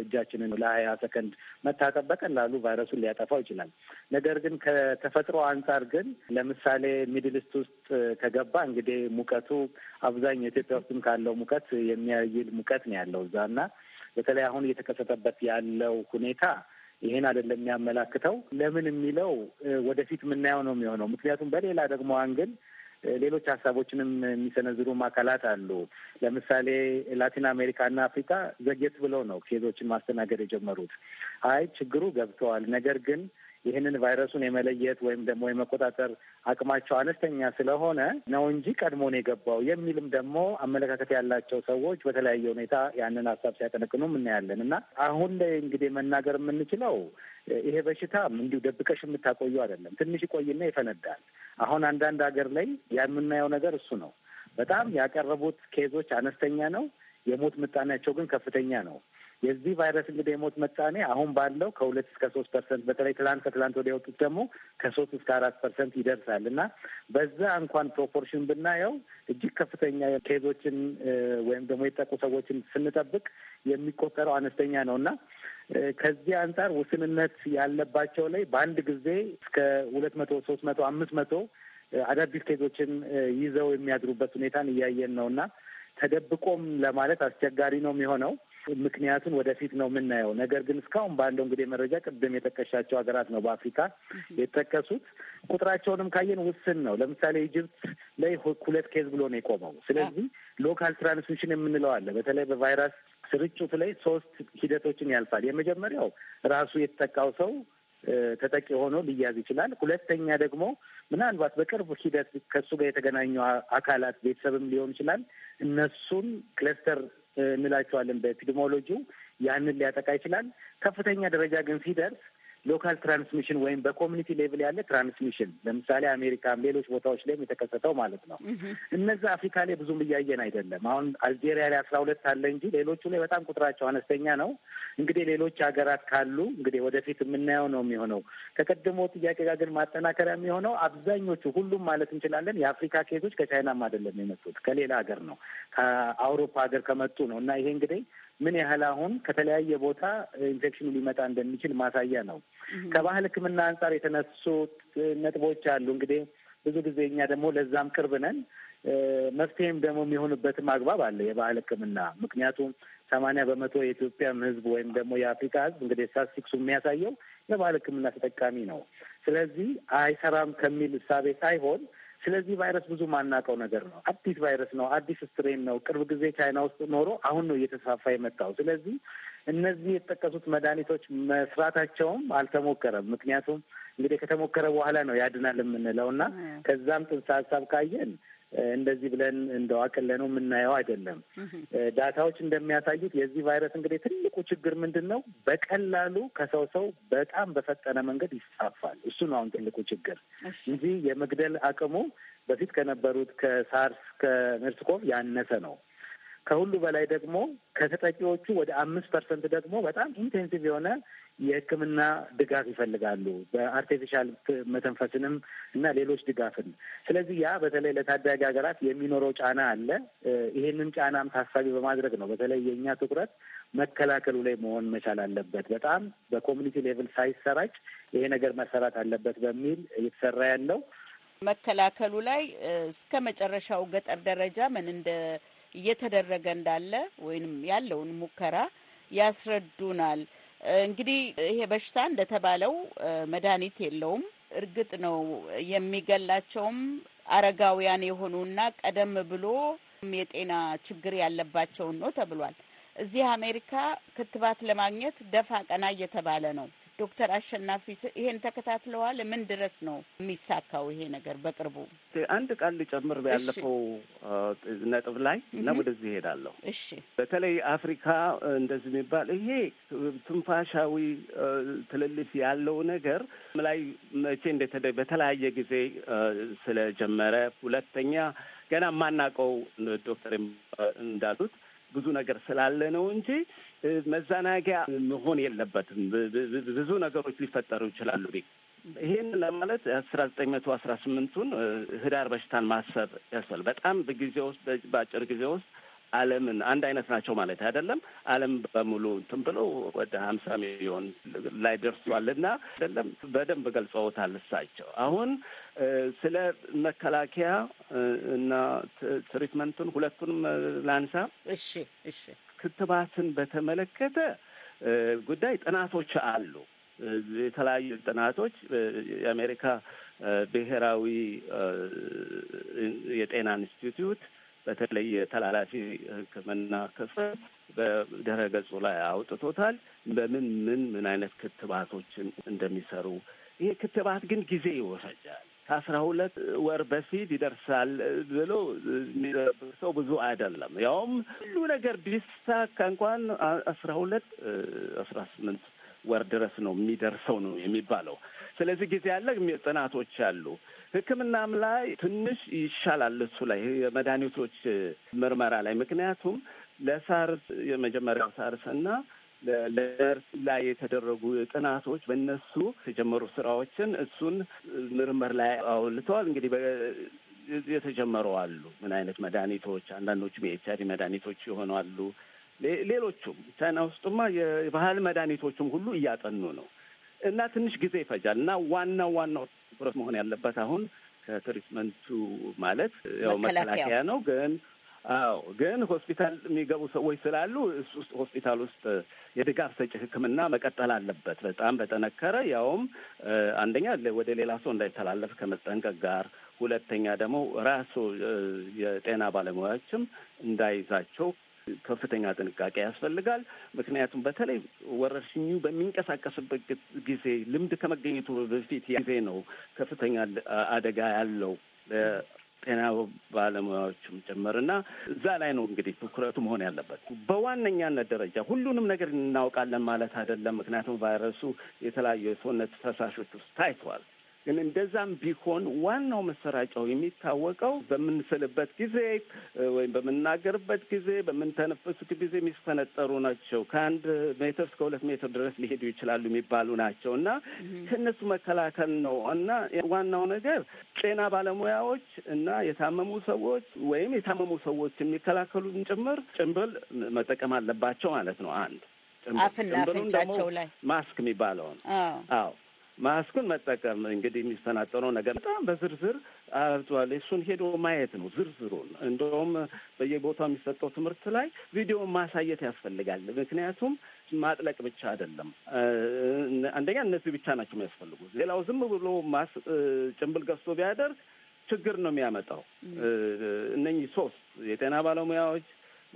Speaker 2: እጃችንን ለሀያ ሰከንድ መታጠብ በቀላሉ ቫይረሱን ሊያጠፋው ይችላል። ነገር ግን ከተፈጥሮ አንጻር ግን ለምሳሌ ሚድልስት ውስጥ ከገባ እንግዲህ ሙቀቱ አብዛኛው ኢትዮጵያ ውስጥም ካለው ሙቀት የሚያይል ሙቀት ነው ያለው እዛ እና በተለይ አሁን እየተከሰተበት ያለው ሁኔታ ይሄን አይደለም የሚያመላክተው። ለምን የሚለው ወደፊት የምናየው ነው የሚሆነው። ምክንያቱም በሌላ ደግሞ አንግል ሌሎች ሀሳቦችንም የሚሰነዝሩም አካላት አሉ። ለምሳሌ ላቲን አሜሪካና አፍሪካ ዘግየት ብለው ነው ኬዞችን ማስተናገድ የጀመሩት። አይ ችግሩ ገብተዋል፣ ነገር ግን ይህንን ቫይረሱን የመለየት ወይም ደግሞ የመቆጣጠር አቅማቸው አነስተኛ ስለሆነ ነው እንጂ ቀድሞ ነው የገባው የሚልም ደግሞ አመለካከት ያላቸው ሰዎች በተለያየ ሁኔታ ያንን ሀሳብ ሲያቀነቅኑ እናያለን እና አሁን ላይ እንግዲህ መናገር የምንችለው ይሄ በሽታ እንዲሁ ደብቀሽ የምታቆየው አይደለም። ትንሽ ይቆይና ይፈነዳል። አሁን አንዳንድ ሀገር ላይ የምናየው ነገር እሱ ነው። በጣም ያቀረቡት ኬዞች አነስተኛ ነው፣ የሞት ምጣኔያቸው ግን ከፍተኛ ነው። የዚህ ቫይረስ እንግዲህ የሞት ምጣኔ አሁን ባለው ከሁለት እስከ ሶስት ፐርሰንት በተለይ ትላንት ከትላንት ወደ የወጡት ደግሞ ከሶስት እስከ አራት ፐርሰንት ይደርሳል እና በዛ እንኳን ፕሮፖርሽን ብናየው እጅግ ከፍተኛ ኬዞችን ወይም ደግሞ የጠቁ ሰዎችን ስንጠብቅ የሚቆጠረው አነስተኛ ነው እና ከዚህ አንጻር ውስንነት ያለባቸው ላይ በአንድ ጊዜ እስከ ሁለት መቶ ሶስት መቶ አምስት መቶ አዳዲስ ኬዞችን ይዘው የሚያድሩበት ሁኔታን እያየን ነው እና ተደብቆም ለማለት አስቸጋሪ ነው የሚሆነው። ምክንያቱን ወደፊት ነው የምናየው። ነገር ግን እስካሁን ባለው እንግዲህ መረጃ ቅድም የጠቀሻቸው ሀገራት ነው በአፍሪካ የተጠቀሱት። ቁጥራቸውንም ካየን ውስን ነው። ለምሳሌ ኢጅፕት ላይ ሁለት ኬዝ ብሎ ነው የቆመው። ስለዚህ ሎካል ትራንስሚሽን የምንለው አለ። በተለይ በቫይረስ ስርጭቱ ላይ ሶስት ሂደቶችን ያልፋል። የመጀመሪያው ራሱ የተጠቃው ሰው ተጠቂ ሆኖ ሊያዝ ይችላል። ሁለተኛ ደግሞ ምናልባት በቅርብ ሂደት ከእሱ ጋር የተገናኙ አካላት ቤተሰብም ሊሆን ይችላል። እነሱን ክለስተር እንላቸዋለን በኤፒዲሞሎጂው ያንን ሊያጠቃ ይችላል። ከፍተኛ ደረጃ ግን ሲደርስ ሎካል ትራንስሚሽን ወይም በኮሚኒቲ ሌቭል ያለ ትራንስሚሽን ለምሳሌ አሜሪካ ሌሎች ቦታዎች ላይም የተከሰተው ማለት ነው። እነዛ አፍሪካ ላይ ብዙም እያየን አይደለም። አሁን አልጄሪያ ላይ አስራ ሁለት አለ እንጂ ሌሎቹ ላይ በጣም ቁጥራቸው አነስተኛ ነው። እንግዲህ ሌሎች ሀገራት ካሉ እንግዲህ ወደፊት የምናየው ነው የሚሆነው። ከቀድሞ ጥያቄ ጋር ግን ማጠናከሪያ የሚሆነው አብዛኞቹ ሁሉም ማለት እንችላለን የአፍሪካ ኬሶች ከቻይናም አይደለም የመጡት ከሌላ ሀገር ነው፣ ከአውሮፓ ሀገር ከመጡ ነው እና ይሄ እንግዲህ ምን ያህል አሁን ከተለያየ ቦታ ኢንፌክሽኑ ሊመጣ እንደሚችል ማሳያ ነው። ከባህል ሕክምና አንጻር የተነሱ ነጥቦች አሉ። እንግዲህ ብዙ ጊዜ እኛ ደግሞ ለዛም ቅርብ ነን። መፍትሄም ደግሞ የሚሆንበትም አግባብ አለ የባህል ሕክምና ምክንያቱም ሰማንያ በመቶ የኢትዮጵያም ህዝብ ወይም ደግሞ የአፍሪካ ህዝብ እንግዲህ ስታትስቲክሱ የሚያሳየው የባህል ህክምና ተጠቃሚ ነው። ስለዚህ አይሰራም ከሚል እሳቤ ሳይሆን ስለዚህ ቫይረስ ብዙ ማናውቀው ነገር ነው። አዲስ ቫይረስ ነው። አዲስ ስትሬን ነው። ቅርብ ጊዜ ቻይና ውስጥ ኖሮ አሁን ነው እየተስፋፋ የመጣው። ስለዚህ እነዚህ የተጠቀሱት መድኃኒቶች መስራታቸውም አልተሞከረም። ምክንያቱም እንግዲህ ከተሞከረ በኋላ ነው ያድናል የምንለው እና ከዛም ጥንሰ ሀሳብ ካየን እንደዚህ ብለን እንደዋቅለ ነው የምናየው አይደለም። ዳታዎች እንደሚያሳዩት የዚህ ቫይረስ እንግዲህ ትልቁ ችግር ምንድን ነው? በቀላሉ ከሰው ሰው በጣም በፈጠነ መንገድ ይሳፋል። እሱ ነው አሁን ትልቁ ችግር እንጂ የመግደል አቅሙ በፊት ከነበሩት ከሳርስ ከሜርስኮቭ ያነሰ ነው። ከሁሉ በላይ ደግሞ ከተጠቂዎቹ ወደ አምስት ፐርሰንት ደግሞ በጣም ኢንቴንሲቭ የሆነ የሕክምና ድጋፍ ይፈልጋሉ በአርቲፊሻል መተንፈስንም እና ሌሎች ድጋፍን። ስለዚህ ያ በተለይ ለታዳጊ ሀገራት የሚኖረው ጫና አለ። ይሄንን ጫናም ታሳቢ በማድረግ ነው በተለይ የእኛ ትኩረት መከላከሉ ላይ መሆን መቻል አለበት። በጣም በኮሚኒቲ ሌቭል ሳይሰራጭ ይሄ ነገር መሰራት አለበት በሚል እየተሰራ
Speaker 7: ያለው መከላከሉ ላይ እስከ መጨረሻው ገጠር ደረጃ ምን እንደ እየተደረገ እንዳለ ወይም ያለውን ሙከራ ያስረዱናል። እንግዲህ ይሄ በሽታ እንደተባለው መድኃኒት የለውም። እርግጥ ነው የሚገላቸውም አረጋውያን የሆኑና ቀደም ብሎ የጤና ችግር ያለባቸውን ነው ተብሏል። እዚህ አሜሪካ ክትባት ለማግኘት ደፋ ቀና እየተባለ ነው። ዶክተር አሸናፊ ይሄን ተከታትለዋል። ምን ድረስ ነው የሚሳካው ይሄ ነገር? በቅርቡ
Speaker 3: አንድ ቃል ልጨምር ያለፈው ነጥብ ላይ እና ወደዚህ ይሄዳለሁ። እሺ፣ በተለይ አፍሪካ እንደዚህ የሚባል ይሄ ትንፋሻዊ ትልልፍ ያለው ነገር ላይ መቼ እንደተደ በተለያየ ጊዜ ስለጀመረ፣ ሁለተኛ ገና የማናውቀው ዶክተር እንዳሉት ብዙ ነገር ስላለ ነው እንጂ መዘናጊያ መሆን የለበትም። ብዙ ነገሮች ሊፈጠሩ ይችላሉ። ይህን ለማለት አስራ ዘጠኝ መቶ አስራ ስምንቱን ህዳር በሽታን ማሰብ ያስፈል በጣም በጊዜ ውስጥ በአጭር ጊዜ ውስጥ ዓለምን አንድ አይነት ናቸው ማለት አይደለም። ዓለም በሙሉ እንትን ብሎ ወደ ሀምሳ ሚሊዮን ላይ ደርሷል እና አይደለም በደንብ ገልጸውታል እሳቸው። አሁን ስለ መከላከያ እና ትሪትመንቱን ሁለቱንም ላንሳ። እሺ፣ እሺ ክትባትን በተመለከተ ጉዳይ ጥናቶች አሉ። የተለያዩ ጥናቶች የአሜሪካ ብሔራዊ የጤና ኢንስቲትዩት በተለይ የተላላፊ ሕክምና ክፍል በድረ ገጹ ላይ አውጥቶታል። በምን ምን ምን አይነት ክትባቶችን እንደሚሰሩ ይሄ ክትባት ግን ጊዜ ይወሰጃል። ከአስራ ሁለት ወር በፊት ይደርሳል ብሎ የሚጠብቅ ሰው ብዙ አይደለም። ያውም ሁሉ ነገር ቢሳካ እንኳን አስራ ሁለት አስራ ስምንት ወር ድረስ ነው የሚደርሰው ነው የሚባለው። ስለዚህ ጊዜ ያለ ጥናቶች አሉ። ሕክምናም ላይ ትንሽ ይሻላል እሱ ላይ የመድኃኒቶች ምርመራ ላይ ምክንያቱም ለሳርስ የመጀመሪያው ሳርስ እና ለመርስ ላይ የተደረጉ ጥናቶች በእነሱ የተጀመሩ ስራዎችን እሱን ምርምር ላይ አውልተዋል። እንግዲህ የተጀመሩ አሉ። ምን አይነት መድኃኒቶች አንዳንዶቹም የኤች አይቪ መድኃኒቶች የሆኑ አሉ። ሌሎቹም ቻይና ውስጡማ የባህል መድኃኒቶቹም ሁሉ እያጠኑ ነው እና ትንሽ ጊዜ ይፈጃል እና ዋናው ዋናው ትኩረት መሆን ያለበት አሁን ከትሪትመንቱ ማለት ያው መከላከያ ነው ግን አዎ ግን ሆስፒታል የሚገቡ ሰዎች ስላሉ እሱ ውስጥ ሆስፒታል ውስጥ የድጋፍ ሰጪ ሕክምና መቀጠል አለበት። በጣም በጠነከረ ያውም አንደኛ ወደ ሌላ ሰው እንዳይተላለፍ ከመጠንቀቅ ጋር፣ ሁለተኛ ደግሞ ራሱ የጤና ባለሙያዎችም እንዳይዛቸው ከፍተኛ ጥንቃቄ ያስፈልጋል። ምክንያቱም በተለይ ወረርሽኙ በሚንቀሳቀስበት ጊዜ ልምድ ከመገኘቱ በፊት ጊዜ ነው ከፍተኛ አደጋ ያለው ጤና ባለሙያዎችም ጭምርና እዛ ላይ ነው እንግዲህ ትኩረቱ መሆን ያለበት። በዋነኛነት ደረጃ ሁሉንም ነገር እናውቃለን ማለት አይደለም። ምክንያቱም ቫይረሱ የተለያዩ የሰውነት ፈሳሾች ውስጥ ታይቷል። ግን እንደዛም ቢሆን ዋናው መሰራጫው የሚታወቀው በምንስልበት ጊዜ ወይም በምናገርበት ጊዜ፣ በምንተነፍስ ጊዜ የሚፈነጠሩ ናቸው። ከአንድ ሜትር እስከ ሁለት ሜትር ድረስ ሊሄዱ ይችላሉ የሚባሉ ናቸው እና ከእነሱ መከላከል ነው እና ዋናው ነገር ጤና ባለሙያዎች እና የታመሙ ሰዎች ወይም የታመሙ ሰዎች የሚከላከሉን ጭምር ጭንብል መጠቀም አለባቸው ማለት ነው። አንድ አፍና አፍንጫቸው ላይ ማስክ የሚባለውን አዎ ማስኩን መጠቀም እንግዲህ የሚፈናጠነው ነገር በጣም በዝርዝር አብቷል። እሱን ሄዶ ማየት ነው ዝርዝሩን። እንደውም በየቦታው የሚሰጠው ትምህርት ላይ ቪዲዮን ማሳየት ያስፈልጋል። ምክንያቱም ማጥለቅ ብቻ አይደለም። አንደኛ እነዚህ ብቻ ናቸው የሚያስፈልጉት። ሌላው ዝም ብሎ ማስ ጭንብል ገዝቶ ቢያደርግ ችግር ነው የሚያመጣው። እነኚህ ሶስት የጤና ባለሙያዎች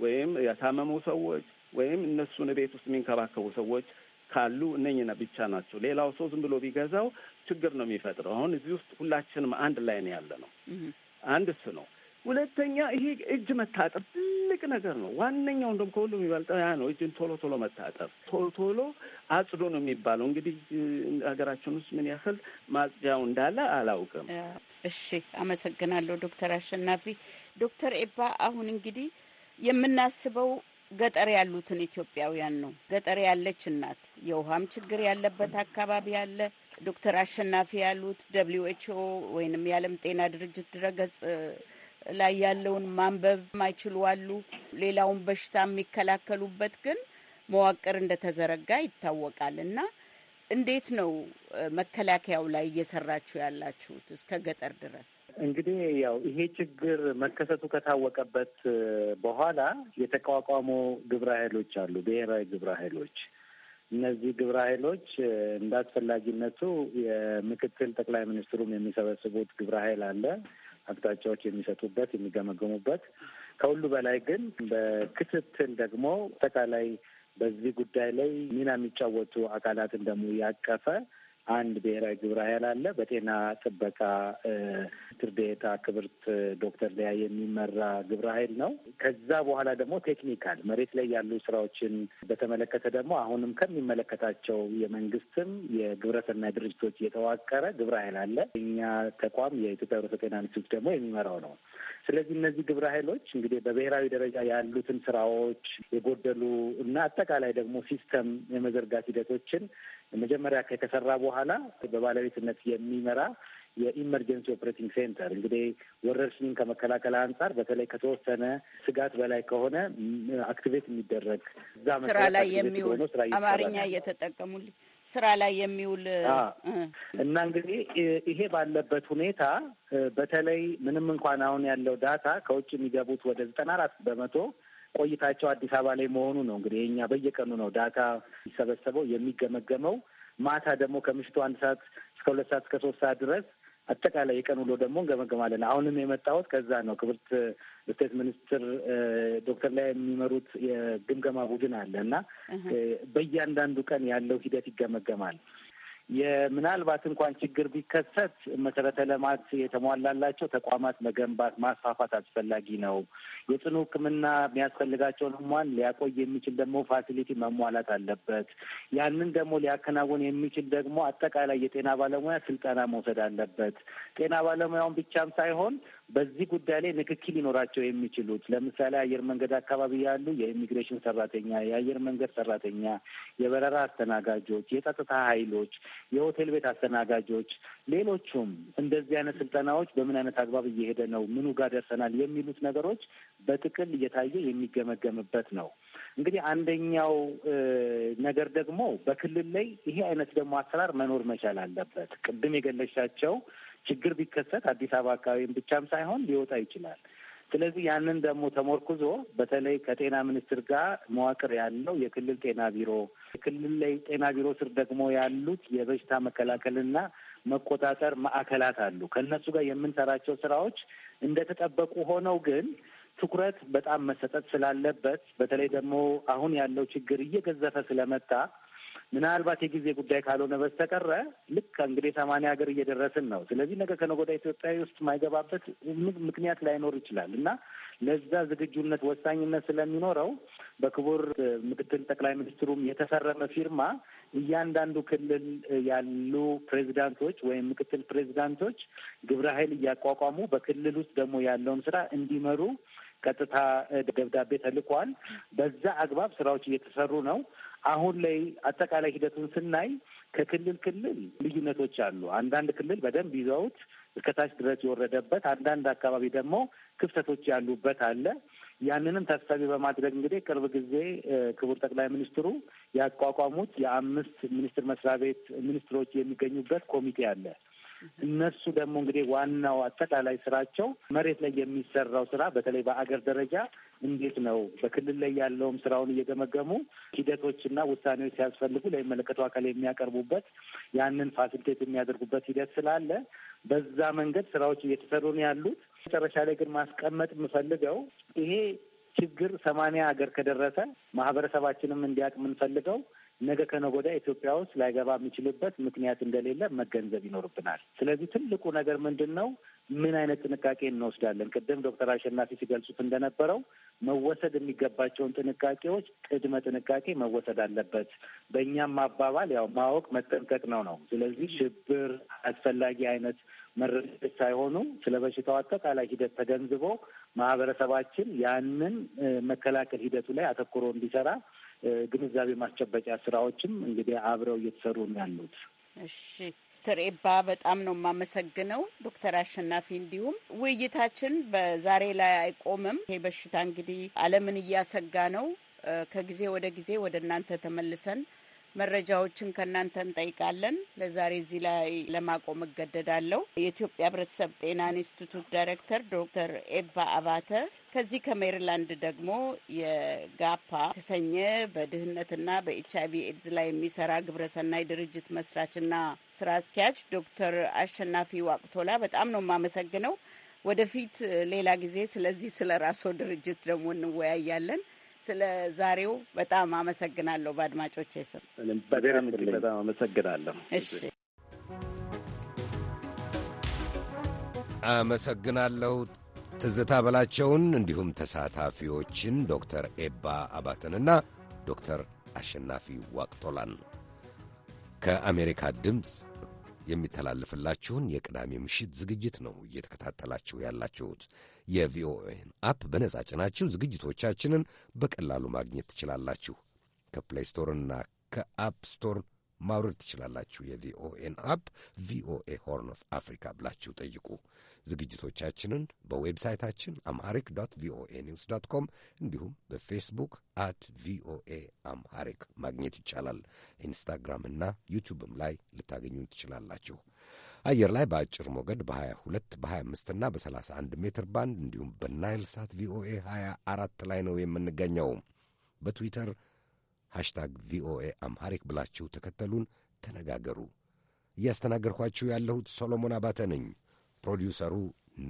Speaker 3: ወይም የታመሙ ሰዎች ወይም እነሱን ቤት ውስጥ የሚንከባከቡ ሰዎች ካሉ እነኝና ብቻ ናቸው። ሌላው ሰው ዝም ብሎ ቢገዛው ችግር ነው የሚፈጥረው። አሁን እዚህ ውስጥ ሁላችንም አንድ ላይ ነው ያለ ነው። አንድ እሱ ነው። ሁለተኛ ይሄ እጅ መታጠብ ትልቅ ነገር ነው። ዋነኛው እንደውም ከሁሉ የሚበልጠው ያ ነው። እጅን ቶሎ ቶሎ መታጠብ፣ ቶሎ ቶሎ አጽዶ ነው የሚባለው። እንግዲህ ሀገራችን ውስጥ ምን ያህል ማጽጃው እንዳለ አላውቅም።
Speaker 7: እሺ፣ አመሰግናለሁ ዶክተር አሸናፊ። ዶክተር ኤባ አሁን እንግዲህ የምናስበው ገጠር ያሉትን ኢትዮጵያውያን ነው። ገጠር ያለች እናት የውሃም ችግር ያለበት አካባቢ አለ። ዶክተር አሸናፊ ያሉት ደብሊው ኤች ኦ ወይንም የዓለም ጤና ድርጅት ድረገጽ ላይ ያለውን ማንበብ ማይችሉ አሉ። ሌላውን በሽታ የሚከላከሉበት ግን መዋቅር እንደተዘረጋ ይታወቃል እና እንዴት ነው መከላከያው ላይ እየሰራችሁ ያላችሁት እስከ ገጠር ድረስ?
Speaker 2: እንግዲህ ያው ይሄ ችግር መከሰቱ ከታወቀበት በኋላ የተቋቋሙ ግብረ ኃይሎች አሉ፣ ብሔራዊ ግብረ ኃይሎች። እነዚህ ግብረ ኃይሎች እንደ አስፈላጊነቱ የምክትል ጠቅላይ ሚኒስትሩም የሚሰበስቡት ግብረ ኃይል አለ፣ አቅጣጫዎች የሚሰጡበት የሚገመገሙበት። ከሁሉ በላይ ግን በክትትል ደግሞ አጠቃላይ በዚህ ጉዳይ ላይ ሚና የሚጫወቱ አካላትን ደግሞ ያቀፈ አንድ ብሔራዊ ግብረ ኃይል አለ። በጤና ጥበቃ ሚኒስትር ዴኤታ ክብርት ዶክተር ሊያ የሚመራ ግብረ ኃይል ነው። ከዛ በኋላ ደግሞ ቴክኒካል መሬት ላይ ያሉ ስራዎችን በተመለከተ ደግሞ አሁንም ከሚመለከታቸው የመንግስትም የግብረሰናይ ድርጅቶች የተዋቀረ ግብረ ኃይል አለ። እኛ ተቋም የኢትዮጵያ ህብረተሰብ ጤና ኢንስቲትዩት ደግሞ የሚመራው ነው። ስለዚህ እነዚህ ግብረ ኃይሎች እንግዲህ በብሔራዊ ደረጃ ያሉትን ስራዎች የጎደሉ እና አጠቃላይ ደግሞ ሲስተም የመዘርጋት ሂደቶችን መጀመሪያ ከተሰራ በኋላ በባለቤትነት የሚመራ የኢመርጀንሲ ኦፕሬቲንግ ሴንተር እንግዲህ ወረርሽኝን ከመከላከል አንጻር በተለይ ከተወሰነ ስጋት በላይ ከሆነ አክቲቬት የሚደረግ እዛ ስራ ላይ የሚውል አማርኛ
Speaker 7: እየተጠቀሙልኝ ስራ ላይ የሚውል
Speaker 2: እና እንግዲህ ይሄ ባለበት ሁኔታ በተለይ ምንም እንኳን አሁን ያለው ዳታ ከውጭ የሚገቡት ወደ ዘጠና አራት በመቶ ቆይታቸው አዲስ አበባ ላይ መሆኑ ነው። እንግዲህ የኛ በየቀኑ ነው ዳታ የሚሰበሰበው የሚገመገመው። ማታ ደግሞ ከምሽቱ አንድ ሰዓት እስከ ሁለት ሰዓት እስከ ሶስት ሰዓት ድረስ አጠቃላይ የቀን ውሎ ደግሞ እንገመገማለን። አሁንም የመጣሁት ከዛ ነው። ክብርት ስቴት ሚኒስትር ዶክተር ላይ የሚመሩት የግምገማ ቡድን አለ እና በእያንዳንዱ ቀን ያለው ሂደት ይገመገማል። የምናልባት እንኳን ችግር ቢከሰት መሰረተ ልማት የተሟላላቸው ተቋማት መገንባት ማስፋፋት አስፈላጊ ነው። የጽኑ ሕክምና የሚያስፈልጋቸውን ህሟን ሊያቆይ የሚችል ደግሞ ፋሲሊቲ መሟላት አለበት። ያንን ደግሞ ሊያከናውን የሚችል ደግሞ አጠቃላይ የጤና ባለሙያ ስልጠና መውሰድ አለበት። ጤና ባለሙያውን ብቻም ሳይሆን በዚህ ጉዳይ ላይ ንክኪ ሊኖራቸው የሚችሉት ለምሳሌ አየር መንገድ አካባቢ ያሉ የኢሚግሬሽን ሰራተኛ፣ የአየር መንገድ ሰራተኛ፣ የበረራ አስተናጋጆች፣ የጸጥታ ኃይሎች፣ የሆቴል ቤት አስተናጋጆች፣ ሌሎቹም እንደዚህ አይነት ስልጠናዎች በምን አይነት አግባብ እየሄደ ነው፣ ምኑ ጋር ደርሰናል የሚሉት ነገሮች በጥቅል እየታየ የሚገመገምበት ነው። እንግዲህ አንደኛው ነገር ደግሞ በክልል ላይ ይሄ አይነት ደግሞ አሰራር መኖር መቻል አለበት። ቅድም የገለሻቸው ችግር ቢከሰት አዲስ አበባ አካባቢም ብቻም ሳይሆን ሊወጣ ይችላል። ስለዚህ ያንን ደግሞ ተሞርኩዞ በተለይ ከጤና ሚኒስትር ጋር መዋቅር ያለው የክልል ጤና ቢሮ የክልል ላይ ጤና ቢሮ ስር ደግሞ ያሉት የበሽታ መከላከልና መቆጣጠር ማዕከላት አሉ። ከእነሱ ጋር የምንሰራቸው ስራዎች እንደተጠበቁ ሆነው ግን ትኩረት በጣም መሰጠት ስላለበት በተለይ ደግሞ አሁን ያለው ችግር እየገዘፈ ስለመጣ ምናልባት የጊዜ ጉዳይ ካልሆነ በስተቀረ ልክ እንግዲህ ሰማንያ ሀገር እየደረስን ነው። ስለዚህ ነገ ከነጎዳ ወዲያ ኢትዮጵያዊ ውስጥ የማይገባበት ምክንያት ላይኖር ይችላል እና ለዛ ዝግጁነት ወሳኝነት ስለሚኖረው በክቡር ምክትል ጠቅላይ ሚኒስትሩም የተፈረመ ፊርማ እያንዳንዱ ክልል ያሉ ፕሬዚዳንቶች ወይም ምክትል ፕሬዚዳንቶች ግብረ ኃይል እያቋቋሙ በክልል ውስጥ ደግሞ ያለውን ስራ እንዲመሩ ቀጥታ ደብዳቤ ተልኳል። በዛ አግባብ ስራዎች እየተሰሩ ነው። አሁን ላይ አጠቃላይ ሂደቱን ስናይ ከክልል ክልል ልዩነቶች አሉ። አንዳንድ ክልል በደንብ ይዘውት እስከታች ድረስ የወረደበት፣ አንዳንድ አካባቢ ደግሞ ክፍተቶች ያሉበት አለ። ያንንም ታሳቢ በማድረግ እንግዲህ ቅርብ ጊዜ ክቡር ጠቅላይ ሚኒስትሩ ያቋቋሙት የአምስት ሚኒስትር መስሪያ ቤት ሚኒስትሮች የሚገኙበት ኮሚቴ አለ። እነሱ ደግሞ እንግዲህ ዋናው አጠቃላይ ስራቸው መሬት ላይ የሚሰራው ስራ በተለይ በአገር ደረጃ እንዴት ነው በክልል ላይ ያለውም ስራውን እየገመገሙ ሂደቶችና ውሳኔዎች ሲያስፈልጉ ለሚመለከተው አካል የሚያቀርቡበት ያንን ፋሲሊቴት የሚያደርጉበት ሂደት ስላለ በዛ መንገድ ስራዎች እየተሰሩ ነው ያሉት። መጨረሻ ላይ ግን ማስቀመጥ የምፈልገው ይሄ ችግር ሰማንያ ሀገር ከደረሰ ማህበረሰባችንም እንዲያውቅ የምንፈልገው ነገ ከነገ ወዲያ ኢትዮጵያ ውስጥ ላይገባ የሚችልበት ምክንያት እንደሌለ መገንዘብ ይኖርብናል። ስለዚህ ትልቁ ነገር ምንድን ነው? ምን አይነት ጥንቃቄ እንወስዳለን? ቅድም ዶክተር አሸናፊ ሲገልጹት እንደነበረው መወሰድ የሚገባቸውን ጥንቃቄዎች ቅድመ ጥንቃቄ መወሰድ አለበት። በእኛም አባባል ያው ማወቅ መጠንቀቅ ነው ነው። ስለዚህ ሽብር አስፈላጊ አይነት መረጃዎች ሳይሆኑ ስለ በሽታው አጠቃላይ ሂደት ተገንዝቦ ማህበረሰባችን ያንን መከላከል ሂደቱ ላይ አተኩሮ እንዲሰራ ግንዛቤ ማስጨበጫ ስራዎችም እንግዲህ አብረው እየተሰሩ ነው ያሉት።
Speaker 7: እሺ ዶክተር ኤባ በጣም ነው የማመሰግነው። ዶክተር አሸናፊ እንዲሁም ውይይታችን በዛሬ ላይ አይቆምም። ይሄ በሽታ እንግዲህ ዓለምን እያሰጋ ነው። ከጊዜ ወደ ጊዜ ወደ እናንተ ተመልሰን መረጃዎችን ከእናንተ እንጠይቃለን። ለዛሬ እዚህ ላይ ለማቆም እገደዳለሁ። የኢትዮጵያ ሕብረተሰብ ጤና ኢንስቲቱት ዳይሬክተር ዶክተር ኤባ አባተ ከዚህ ከሜሪላንድ ደግሞ የጋፓ የተሰኘ በድህነትና በኤች አይቪ ኤድስ ላይ የሚሰራ ግብረሰናይ ድርጅት መስራችና ስራ አስኪያጅ ዶክተር አሸናፊ ዋቅቶላ በጣም ነው የማመሰግነው። ወደፊት ሌላ ጊዜ ስለዚህ ስለ ራስዎ ድርጅት ደግሞ እንወያያለን። ስለ ዛሬው በጣም አመሰግናለሁ። በአድማጮች ስም
Speaker 3: በጣም አመሰግናለሁ።
Speaker 7: እሺ
Speaker 1: አመሰግናለሁ ትዝታ በላቸውን እንዲሁም ተሳታፊዎችን ዶክተር ኤባ አባትንና ዶክተር አሸናፊ ዋቅቶላን ከአሜሪካ ድምፅ የሚተላለፍላችሁን የቅዳሜ ምሽት ዝግጅት ነው እየተከታተላችሁ ያላችሁት። የቪኦኤን አፕ በነጻ ጭናችሁ ዝግጅቶቻችንን በቀላሉ ማግኘት ትችላላችሁ። ከፕሌይ ስቶርና ከአፕ ስቶር ማውረድ ትችላላችሁ። የቪኦኤን አፕ ቪኦኤ ሆርን ኦፍ አፍሪካ ብላችሁ ጠይቁ። ዝግጅቶቻችንን በዌብሳይታችን አምሃሪክ ዶት ቪኦኤ ኒውስ ዶት ኮም እንዲሁም በፌስቡክ አት ቪኦኤ አምሃሪክ ማግኘት ይቻላል። ኢንስታግራም እና ላይ ልታገኙን ትችላላችሁ። አየር ላይ በአጭር ሞገድ በ22 በ25 እና በ31 ሜትር ባንድ እንዲሁም በናይል ሳት ቪኦኤ 24 ላይ ነው የምንገኘው። በትዊተር ሃሽታግ ቪኦኤ አምሃሪክ ብላችሁ ተከተሉን፣ ተነጋገሩ። እያስተናገርኳችሁ ያለሁት ሶሎሞን አባተ ነኝ። ፕሮዲውሰሩ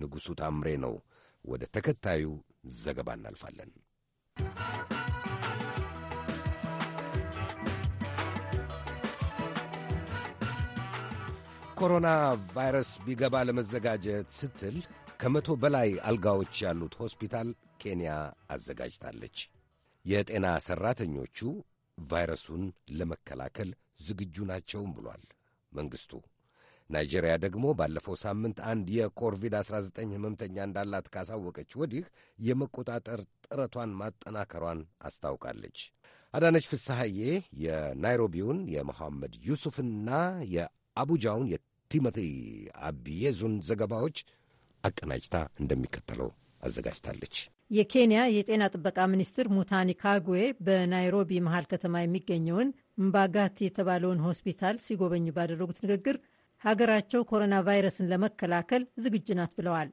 Speaker 1: ንጉሡ ታምሬ ነው። ወደ ተከታዩ ዘገባ እናልፋለን። ኮሮና ቫይረስ ቢገባ ለመዘጋጀት ስትል ከመቶ በላይ አልጋዎች ያሉት ሆስፒታል ኬንያ አዘጋጅታለች። የጤና ሠራተኞቹ ቫይረሱን ለመከላከል ዝግጁ ናቸውም ብሏል መንግስቱ ናይጄሪያ ደግሞ ባለፈው ሳምንት አንድ የኮቪድ-19 ህመምተኛ እንዳላት ካሳወቀች ወዲህ የመቆጣጠር ጥረቷን ማጠናከሯን አስታውቃለች። አዳነች ፍስሐዬ የናይሮቢውን የመሐመድ ዩሱፍና የአቡጃውን የቲሞቲ አብየዙን ዘገባዎች አቀናጅታ እንደሚከተለው አዘጋጅታለች።
Speaker 9: የኬንያ የጤና ጥበቃ ሚኒስትር ሙታኒ ካጉዌ በናይሮቢ መሃል ከተማ የሚገኘውን ምባጋቲ የተባለውን ሆስፒታል ሲጎበኙ ባደረጉት ንግግር ሀገራቸው ኮሮና ቫይረስን ለመከላከል ዝግጁ ናት ብለዋል።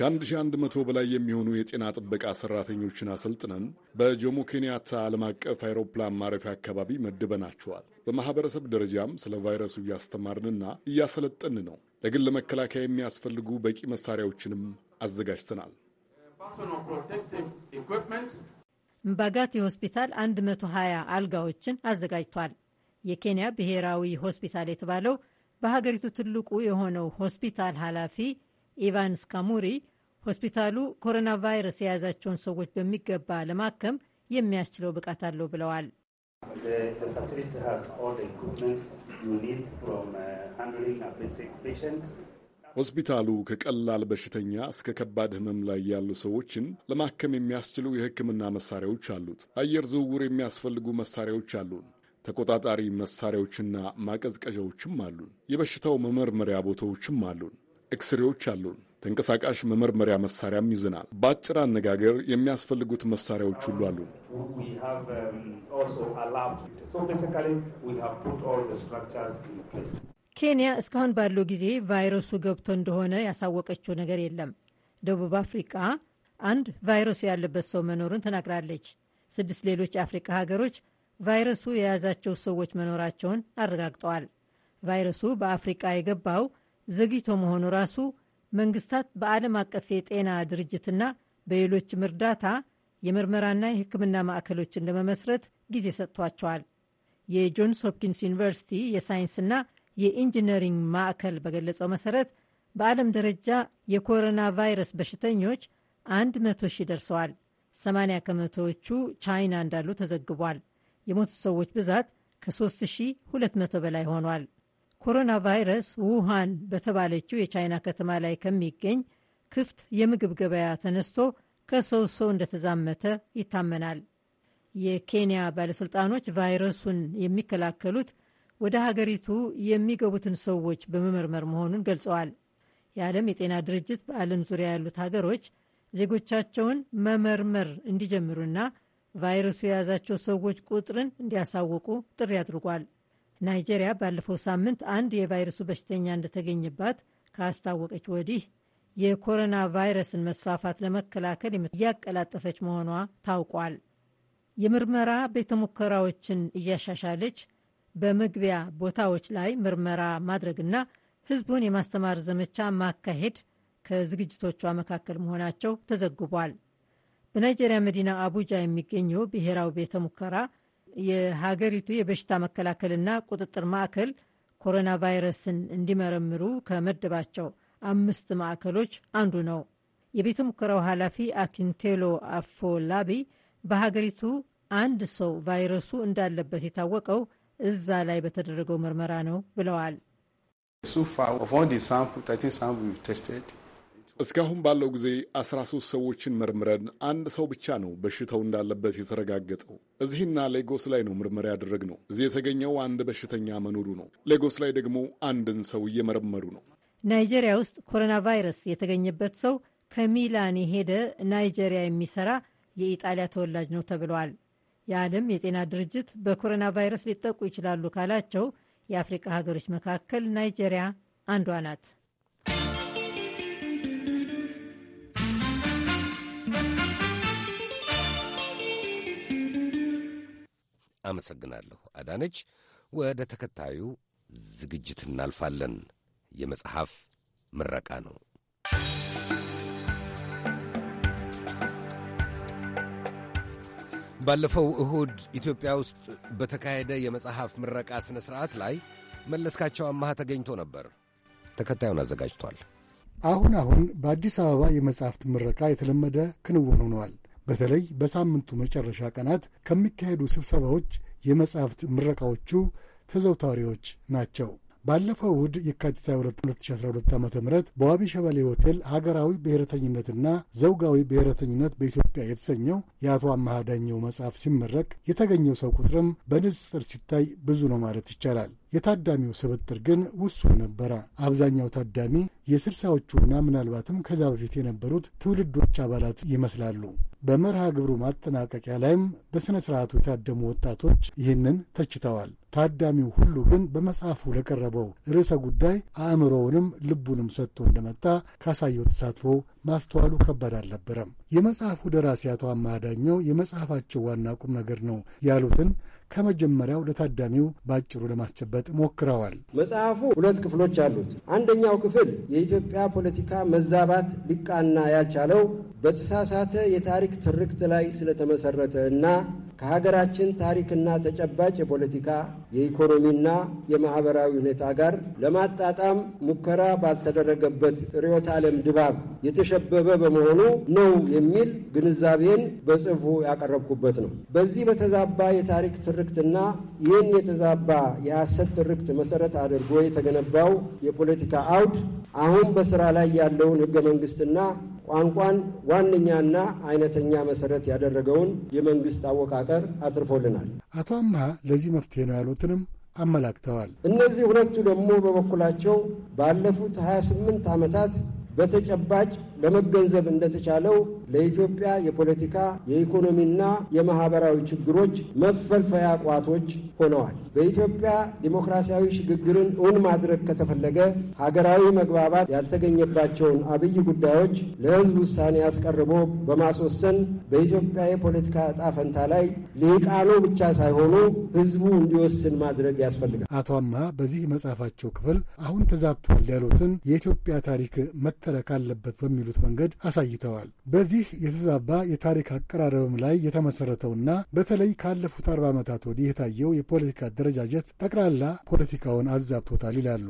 Speaker 10: ከ1100 በላይ የሚሆኑ የጤና ጥበቃ ሰራተኞችን አሰልጥነን በጆሞ ኬንያታ ዓለም አቀፍ አይሮፕላን ማረፊያ አካባቢ መድበናቸዋል። በማኅበረሰብ ደረጃም ስለ ቫይረሱ እያስተማርንና እያሰለጠን ነው። ለግል ለመከላከያ የሚያስፈልጉ በቂ መሳሪያዎችንም አዘጋጅተናል።
Speaker 9: ምባጋቲ ሆስፒታል 120 አልጋዎችን አዘጋጅቷል። የኬንያ ብሔራዊ ሆስፒታል የተባለው በሀገሪቱ ትልቁ የሆነው ሆስፒታል ኃላፊ ኢቫንስ ካሙሪ ሆስፒታሉ ኮሮና ቫይረስ የያዛቸውን ሰዎች በሚገባ ለማከም የሚያስችለው ብቃት አለው ብለዋል።
Speaker 11: uh,
Speaker 10: ሆስፒታሉ ከቀላል በሽተኛ እስከ ከባድ ሕመም ላይ ያሉ ሰዎችን ለማከም የሚያስችሉ የሕክምና መሳሪያዎች አሉት። አየር ዝውውር የሚያስፈልጉ መሳሪያዎች አሉን። ተቆጣጣሪ መሳሪያዎችና ማቀዝቀዣዎችም አሉን። የበሽታው መመርመሪያ ቦታዎችም አሉን። ኤክስሬዎች አሉን። ተንቀሳቃሽ መመርመሪያ መሳሪያም ይዘናል። በአጭር አነጋገር የሚያስፈልጉት መሳሪያዎች ሁሉ አሉ።
Speaker 11: um,
Speaker 9: ኬንያ እስካሁን ባለው ጊዜ ቫይረሱ ገብቶ እንደሆነ ያሳወቀችው ነገር የለም። ደቡብ አፍሪቃ አንድ ቫይረሱ ያለበት ሰው መኖሩን ተናግራለች። ስድስት ሌሎች የአፍሪካ ሀገሮች ቫይረሱ የያዛቸው ሰዎች መኖራቸውን አረጋግጠዋል። ቫይረሱ በአፍሪቃ የገባው ዘግይቶ መሆኑ ራሱ መንግስታት በዓለም አቀፍ የጤና ድርጅትና በሌሎችም እርዳታ የምርመራና የሕክምና ማዕከሎችን ለመመስረት ጊዜ ሰጥቷቸዋል። የጆንስ ሆፕኪንስ ዩኒቨርሲቲ የሳይንስና የኢንጂነሪንግ ማዕከል በገለጸው መሰረት በዓለም ደረጃ የኮሮና ቫይረስ በሽተኞች 100 ሺህ ደርሰዋል። 80 ከመቶዎቹ ቻይና እንዳሉ ተዘግቧል። የሞቱ ሰዎች ብዛት ከ3200 በላይ ሆኗል። ኮሮና ቫይረስ ውሃን በተባለችው የቻይና ከተማ ላይ ከሚገኝ ክፍት የምግብ ገበያ ተነስቶ ከሰው ሰው እንደተዛመተ ይታመናል። የኬንያ ባለሥልጣኖች ቫይረሱን የሚከላከሉት ወደ ሀገሪቱ የሚገቡትን ሰዎች በመመርመር መሆኑን ገልጸዋል። የዓለም የጤና ድርጅት በዓለም ዙሪያ ያሉት ሀገሮች ዜጎቻቸውን መመርመር እንዲጀምሩና ቫይረሱ የያዛቸው ሰዎች ቁጥርን እንዲያሳውቁ ጥሪ አድርጓል። ናይጄሪያ ባለፈው ሳምንት አንድ የቫይረሱ በሽተኛ እንደተገኘባት ካስታወቀች ወዲህ የኮሮና ቫይረስን መስፋፋት ለመከላከል እያቀላጠፈች መሆኗ ታውቋል። የምርመራ ቤተ ሙከራዎችን እያሻሻለች በመግቢያ ቦታዎች ላይ ምርመራ ማድረግና ሕዝቡን የማስተማር ዘመቻ ማካሄድ ከዝግጅቶቿ መካከል መሆናቸው ተዘግቧል። በናይጄሪያ መዲና አቡጃ የሚገኘው ብሔራዊ ቤተ ሙከራ የሀገሪቱ የበሽታ መከላከልና ቁጥጥር ማዕከል ኮሮና ቫይረስን እንዲመረምሩ ከመደባቸው አምስት ማዕከሎች አንዱ ነው። የቤተ ሙከራው ኃላፊ አኪንቴሎ አፎላቢ በሀገሪቱ አንድ ሰው ቫይረሱ እንዳለበት የታወቀው እዛ ላይ በተደረገው ምርመራ ነው ብለዋል።
Speaker 10: እስካሁን ባለው ጊዜ 13 ሰዎችን መርምረን አንድ ሰው ብቻ ነው በሽታው እንዳለበት የተረጋገጠው። እዚህና ሌጎስ ላይ ነው ምርመራ ያደረግነው። እዚህ የተገኘው አንድ በሽተኛ መኖሩ ነው። ሌጎስ ላይ ደግሞ አንድን ሰው እየመረመሩ ነው።
Speaker 9: ናይጄሪያ ውስጥ ኮሮና ቫይረስ የተገኘበት ሰው ከሚላን የሄደ ናይጄሪያ የሚሰራ የኢጣሊያ ተወላጅ ነው ተብለዋል። የዓለም የጤና ድርጅት በኮሮና ቫይረስ ሊጠቁ ይችላሉ ካላቸው የአፍሪቃ ሀገሮች መካከል ናይጄሪያ አንዷ ናት።
Speaker 1: አመሰግናለሁ አዳነች። ወደ ተከታዩ ዝግጅት እናልፋለን። የመጽሐፍ ምረቃ ነው። ባለፈው እሁድ ኢትዮጵያ ውስጥ በተካሄደ የመጽሐፍ ምረቃ ሥነ ሥርዓት ላይ መለስካቸው አማሃ ተገኝቶ ነበር። ተከታዩን አዘጋጅቷል።
Speaker 12: አሁን አሁን በአዲስ አበባ የመጽሐፍት ምረቃ የተለመደ ክንውን ሆኗል። በተለይ በሳምንቱ መጨረሻ ቀናት ከሚካሄዱ ስብሰባዎች የመጻሕፍት ምረቃዎቹ ተዘውታሪዎች ናቸው። ባለፈው እሁድ የካቲት 22 2012 ዓ ም በዋቢ ሸበሌ ሆቴል ሀገራዊ ብሔረተኝነትና ዘውጋዊ ብሔረተኝነት በኢትዮጵያ የተሰኘው የአቶ አማሃ ዳኘው መጽሐፍ ሲመረቅ የተገኘው ሰው ቁጥርም በንጽጽር ሲታይ ብዙ ነው ማለት ይቻላል። የታዳሚው ስብጥር ግን ውሱን ነበረ። አብዛኛው ታዳሚ የስልሳዎቹና ምናልባትም ከዛ በፊት የነበሩት ትውልዶች አባላት ይመስላሉ። በመርሃ ግብሩ ማጠናቀቂያ ላይም በሥነ ሥርዓቱ የታደሙ ወጣቶች ይህንን ተችተዋል። ታዳሚው ሁሉ ግን በመጽሐፉ ለቀረበው ርዕሰ ጉዳይ አእምሮውንም ልቡንም ሰጥቶ እንደመጣ ካሳየው ተሳትፎ ማስተዋሉ ከባድ አልነበረም። የመጽሐፉ ደራሲ አቶ አማዳኘው የመጽሐፋቸው ዋና ቁም ነገር ነው ያሉትን ከመጀመሪያው ለታዳሚው በአጭሩ ለማስጨበጥ ሞክረዋል።
Speaker 6: መጽሐፉ ሁለት ክፍሎች አሉት። አንደኛው ክፍል የኢትዮጵያ ፖለቲካ መዛባት ሊቃና ያልቻለው በተሳሳተ የታሪክ ትርክት ላይ ስለተመሰረተ እና ከሀገራችን ታሪክና ተጨባጭ የፖለቲካ የኢኮኖሚና የማህበራዊ ሁኔታ ጋር ለማጣጣም ሙከራ ባልተደረገበት ርዕዮተ ዓለም ድባብ የተሸበበ በመሆኑ ነው የሚል ግንዛቤን በጽሑፉ ያቀረብኩበት ነው። በዚህ በተዛባ የታሪክ ትርክትና ይህን የተዛባ የሐሰት ትርክት መሠረት አድርጎ የተገነባው የፖለቲካ አውድ አሁን በስራ ላይ ያለውን ህገ መንግስትና ቋንቋን ዋነኛና አይነተኛ መሰረት ያደረገውን የመንግስት አወቃቀር
Speaker 12: አትርፎልናል። አቶ አማ ለዚህ መፍትሄ ነው ያሉትንም አመላክተዋል። እነዚህ
Speaker 6: ሁለቱ ደግሞ በበኩላቸው ባለፉት 28 ዓመታት በተጨባጭ ለመገንዘብ እንደተቻለው ለኢትዮጵያ የፖለቲካ የኢኮኖሚና የማህበራዊ ችግሮች መፈልፈያ ቋቶች ሆነዋል። በኢትዮጵያ ዲሞክራሲያዊ ሽግግርን እውን ማድረግ ከተፈለገ ሀገራዊ መግባባት ያልተገኘባቸውን አብይ ጉዳዮች ለህዝብ ውሳኔ አስቀርቦ በማስወሰን በኢትዮጵያ የፖለቲካ እጣፈንታ ፈንታ
Speaker 12: ላይ ሊቃኑ ብቻ ሳይሆኑ ህዝቡ እንዲወስን ማድረግ ያስፈልጋል። አቶ አማ በዚህ መጽሐፋቸው ክፍል አሁን ተዛብቷል ያሉትን የኢትዮጵያ ታሪክ መተረክ አለበት በሚሉ በሚሄዱት መንገድ አሳይተዋል። በዚህ የተዛባ የታሪክ አቀራረብም ላይ የተመሠረተውና በተለይ ካለፉት አርባ ዓመታት ወዲህ የታየው የፖለቲካ አደረጃጀት ጠቅላላ ፖለቲካውን አዛብቶታል ይላሉ።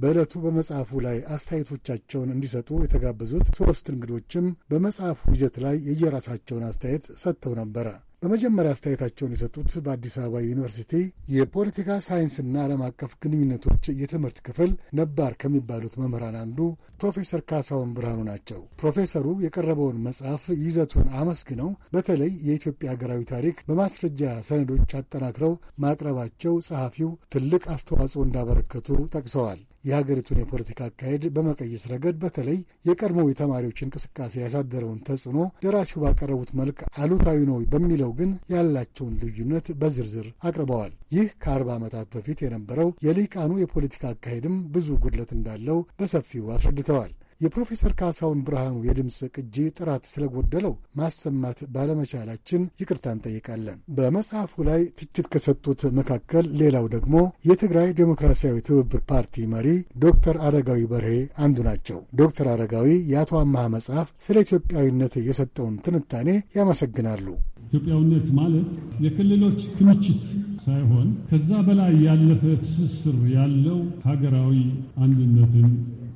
Speaker 12: በዕለቱ በመጽሐፉ ላይ አስተያየቶቻቸውን እንዲሰጡ የተጋበዙት ሦስት እንግዶችም በመጽሐፉ ይዘት ላይ የየራሳቸውን አስተያየት ሰጥተው ነበረ። በመጀመሪያ አስተያየታቸውን የሰጡት በአዲስ አበባ ዩኒቨርሲቲ የፖለቲካ ሳይንስና ዓለም አቀፍ ግንኙነቶች የትምህርት ክፍል ነባር ከሚባሉት መምህራን አንዱ ፕሮፌሰር ካሳሁን ብርሃኑ ናቸው። ፕሮፌሰሩ የቀረበውን መጽሐፍ ይዘቱን አመስግነው በተለይ የኢትዮጵያ ሀገራዊ ታሪክ በማስረጃ ሰነዶች አጠናክረው ማቅረባቸው ጸሐፊው ትልቅ አስተዋጽኦ እንዳበረከቱ ጠቅሰዋል። የሀገሪቱን የፖለቲካ አካሄድ በመቀየስ ረገድ በተለይ የቀድሞው የተማሪዎች እንቅስቃሴ ያሳደረውን ተጽዕኖ ደራሲው ባቀረቡት መልክ አሉታዊ ነው በሚለው ግን ያላቸውን ልዩነት በዝርዝር አቅርበዋል። ይህ ከአርባ ዓመታት በፊት የነበረው የሊቃኑ የፖለቲካ አካሄድም ብዙ ጉድለት እንዳለው በሰፊው አስረድተዋል። የፕሮፌሰር ካሳሁን ብርሃኑ የድምፅ ቅጂ ጥራት ስለጎደለው ማሰማት ባለመቻላችን ይቅርታ እንጠይቃለን። በመጽሐፉ ላይ ትችት ከሰጡት መካከል ሌላው ደግሞ የትግራይ ዴሞክራሲያዊ ትብብር ፓርቲ መሪ ዶክተር አረጋዊ በርሄ አንዱ ናቸው። ዶክተር አረጋዊ የአቶ አመሃ መጽሐፍ ስለ ኢትዮጵያዊነት የሰጠውን ትንታኔ ያመሰግናሉ።
Speaker 13: ኢትዮጵያዊነት ማለት የክልሎች ክምችት ሳይሆን ከዛ በላይ ያለፈ ትስስር ያለው ሀገራዊ አንድነትን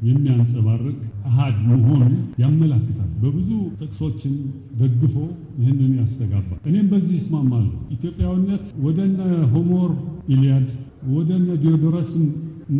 Speaker 13: የሚያንጸባርቅ አሃድ መሆኑ ያመላክታል። በብዙ ጥቅሶችን ደግፎ ይህንን ያስተጋባል። እኔም በዚህ ይስማማለሁ። ኢትዮጵያዊነት ወደነ ሆሞር ኢልያድ ወደነ ዲዮዶረስን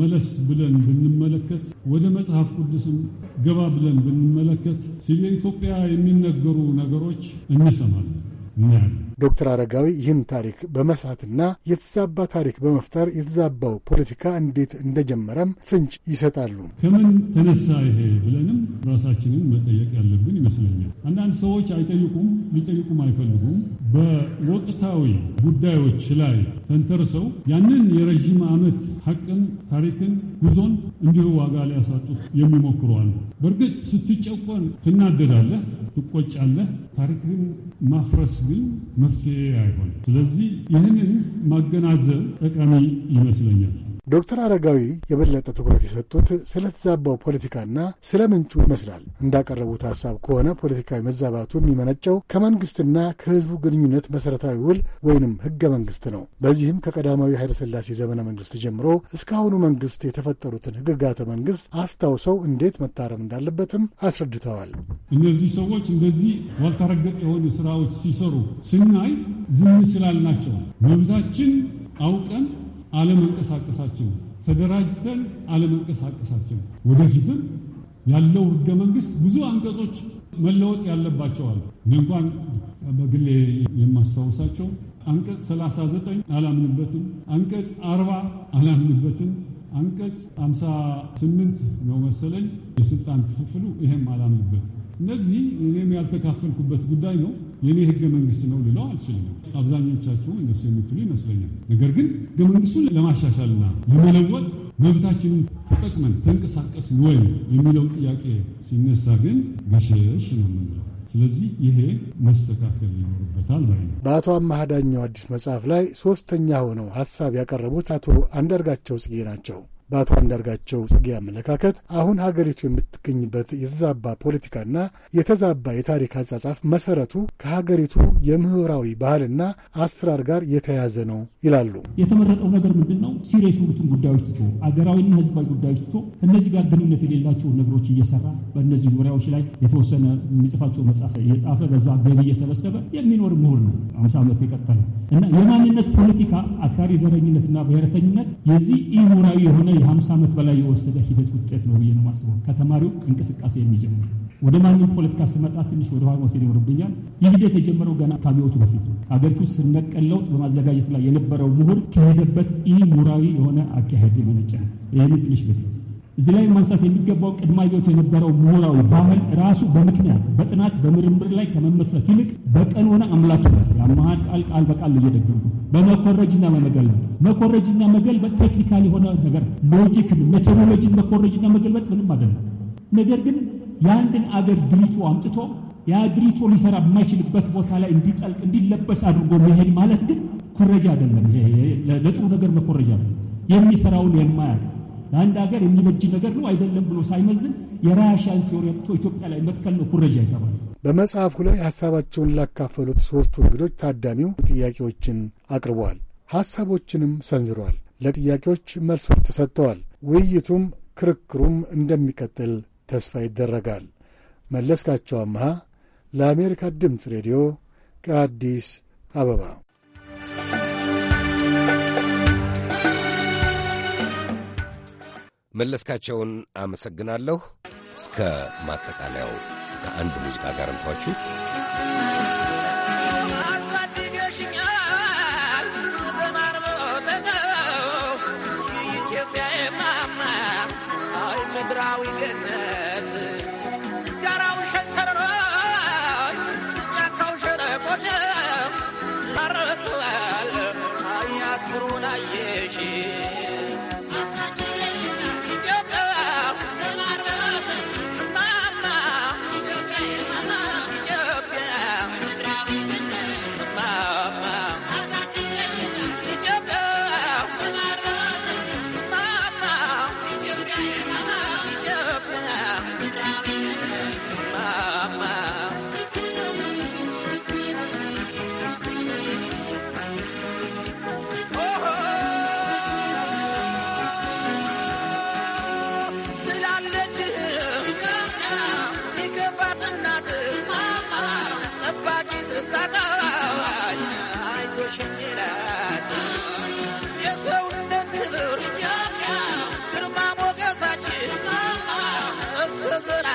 Speaker 13: መለስ ብለን ብንመለከት ወደ መጽሐፍ ቅዱስም ገባ ብለን ብንመለከት
Speaker 12: ስለ ኢትዮጵያ
Speaker 13: የሚነገሩ ነገሮች እንሰማለን፣
Speaker 12: እናያለን። ዶክተር አረጋዊ ይህን ታሪክ በመሳትና የተዛባ ታሪክ በመፍጠር የተዛባው ፖለቲካ እንዴት እንደጀመረም ፍንጭ ይሰጣሉ።
Speaker 13: ከምን ተነሳ ይሄ ብለንም ራሳችንን መጠየቅ ያለብን ይመስለኛል። አንዳንድ ሰዎች አይጠይቁም፣ ሊጠይቁም አይፈልጉም። በወቅታዊ ጉዳዮች ላይ ተንተርሰው ያንን የረዥም ዓመት ሀቅን ታሪክን፣ ጉዞን እንዲሁ ዋጋ ሊያሳጡት የሚሞክሩ አሉ። በእርግጥ ስትጨቆን ትናደዳለህ፣ ትቆጫለህ። ታሪክን ማፍረስ ግን መፍትሄ አይሆንም። ስለዚህ ይህንን ማገናዘብ ጠቃሚ ይመስለኛል።
Speaker 12: ዶክተር አረጋዊ የበለጠ ትኩረት የሰጡት ስለተዛባው ፖለቲካና ስለ ምንጩ ይመስላል። እንዳቀረቡት ሀሳብ ከሆነ ፖለቲካዊ መዛባቱ የሚመነጨው ከመንግስትና ከህዝቡ ግንኙነት መሠረታዊ ውል ወይንም ህገ መንግስት ነው። በዚህም ከቀዳማዊ ኃይለሥላሴ ዘመነ መንግስት ጀምሮ እስካሁኑ መንግስት የተፈጠሩትን ህግጋተ መንግስት አስታውሰው እንዴት መታረም እንዳለበትም አስረድተዋል።
Speaker 13: እነዚህ ሰዎች እንደዚህ ያልተረገጠ የሆኑ ስራዎች ሲሰሩ ስናይ ዝም ስላልናቸው መብዛችን አውቀን አለመንቀሳቀሳችን፣ ተደራጅተን አለመንቀሳቀሳችን፣ ወደፊትም ያለው ህገ መንግስት ብዙ አንቀጾች መለወጥ ያለባቸዋል። እኔ እንኳን በግሌ የማስታውሳቸው አንቀጽ 39 አላምንበትም፣ አንቀጽ 40 አላምንበትም፣ አንቀጽ 58 ነው መሰለኝ የስልጣን ክፍፍሉ፣ ይሄም አላምንበትም። እነዚህ እኔም ያልተካፈልኩበት ጉዳይ ነው። የእኔ ህገ መንግስት ነው ልለው አልችልም። አብዛኞቻቸው እነሱ የምትሉ ይመስለኛል። ነገር ግን ህገ መንግስቱን ለማሻሻልና ለመለወጥ መብታችንን ተጠቅመን ተንቀሳቀስ ወይ የሚለው ጥያቄ ሲነሳ ግን ገሸሽ ነው የምንለው። ስለዚህ ይሄ መስተካከል ይኖርበታል
Speaker 12: በአቶ አማሃዳኛው አዲስ መጽሐፍ ላይ ሶስተኛ ሆነው ሀሳብ ያቀረቡት አቶ አንዳርጋቸው ጽጌ ናቸው። በአቶ አንዳርጋቸው ጽጌ አመለካከት አሁን ሀገሪቱ የምትገኝበት የተዛባ ፖለቲካና የተዛባ የታሪክ አጻጻፍ መሰረቱ ከሀገሪቱ የምሁራዊ ባህልና አሰራር ጋር የተያያዘ ነው ይላሉ።
Speaker 11: የተመረጠው ነገር ምንድን ነው? ሲሪየስ የሆኑትን ጉዳዮች ትቶ አገራዊና ህዝባዊ ጉዳዮች ትቶ እነዚህ ጋር ግንኙነት የሌላቸውን ነገሮች እየሰራ በእነዚህ ዙሪያዎች ላይ የተወሰነ የሚጽፋቸው መጽሐፍ የጻፈ በዛ ገቢ እየሰበሰበ የሚኖር ምሁር ነው። አምሳ ዓመት የቀጠለ እና የማንነት ፖለቲካ አክራሪ ዘረኝነትና ብሔረተኝነት የዚህ ኢምሁራዊ የሆነ የ50 ዓመት በላይ የወሰደ ሂደት ውጤት ነው ብዬ ነው ማስበው። ከተማሪው እንቅስቃሴ የሚጀምር ወደ ማንም ፖለቲካ ስመጣ ትንሽ ወደ ኋላ መውሰድ ይኖርብኛል። ይህ ሂደት የጀመረው ገና ከአብዮቱ በፊት ነው። አገሪቱ ስነቀል ለውጥ በማዘጋጀት ላይ የነበረው ምሁር ከሄደበት ኢ ምሁራዊ የሆነ አካሄድ የመነጨ ነው። ይህን ትንሽ እዚህ ላይ ማንሳት የሚገባው ቅድማየት የነበረው ምሁራዊ ባህል ራሱ በምክንያት በጥናት በምርምር ላይ ከመመስረት ይልቅ ሆነ አምላክ የአማሃን ቃል ቃል በቃል እየደገምኩት በመኮረጅና በመገልበጥ መኮረጅና መገልበጥ ቴክኒካል የሆነ ነገር ሎጂክን፣ ሜቶዶሎጂን መኮረጅና መገልበጥ ምንም አይደለም። ነገር ግን የአንድን አገር ድሪቶ አምጥቶ ያ ድሪቶ ሊሰራ የማይችልበት ቦታ ላይ እንዲጠልቅ እንዲለበስ አድርጎ መሄድ ማለት ግን ኩረጃ አይደለም። ለጥሩ ነገር መኮረጃ የሚሰራውን የማያውቅ ለአንድ ሀገር የሚበጅ ነገር ነው አይደለም ብሎ ሳይመዝን የራሽያን ቴዎሪ አውጥቶ ኢትዮጵያ ላይ
Speaker 12: መትከል ነው ኩረጃ ይባላል። በመጽሐፉ ላይ ሀሳባቸውን ላካፈሉት ሶስቱ እንግዶች ታዳሚው ጥያቄዎችን አቅርበዋል፣ ሀሳቦችንም ሰንዝረዋል። ለጥያቄዎች መልሶች ተሰጥተዋል። ውይይቱም ክርክሩም እንደሚቀጥል ተስፋ ይደረጋል። መለስካቸው አምሃ ለአሜሪካ ድምፅ ሬዲዮ ከአዲስ አበባ
Speaker 1: መለስካቸውን አመሰግናለሁ። እስከ ማጠቃለያው ከአንድ ሙዚቃ ጋር እንተዋችሁ።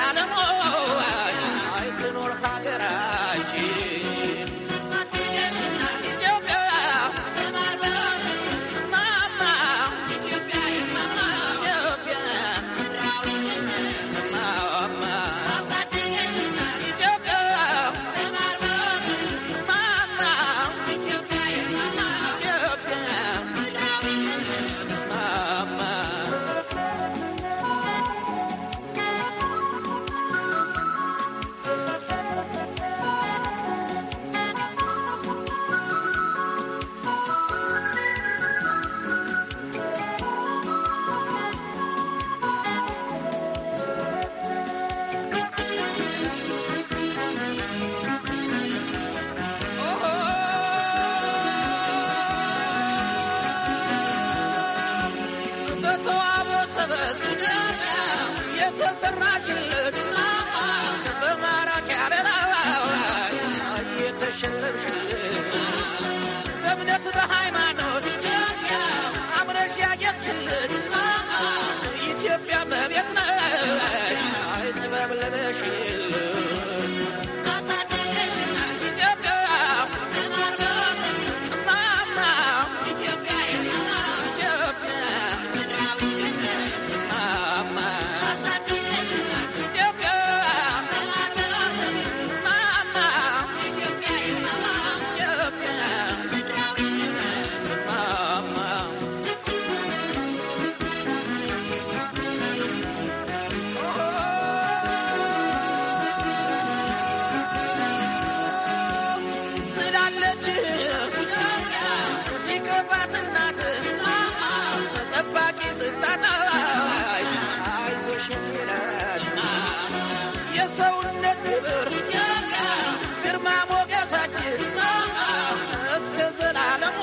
Speaker 14: animal. Oh, oh, oh,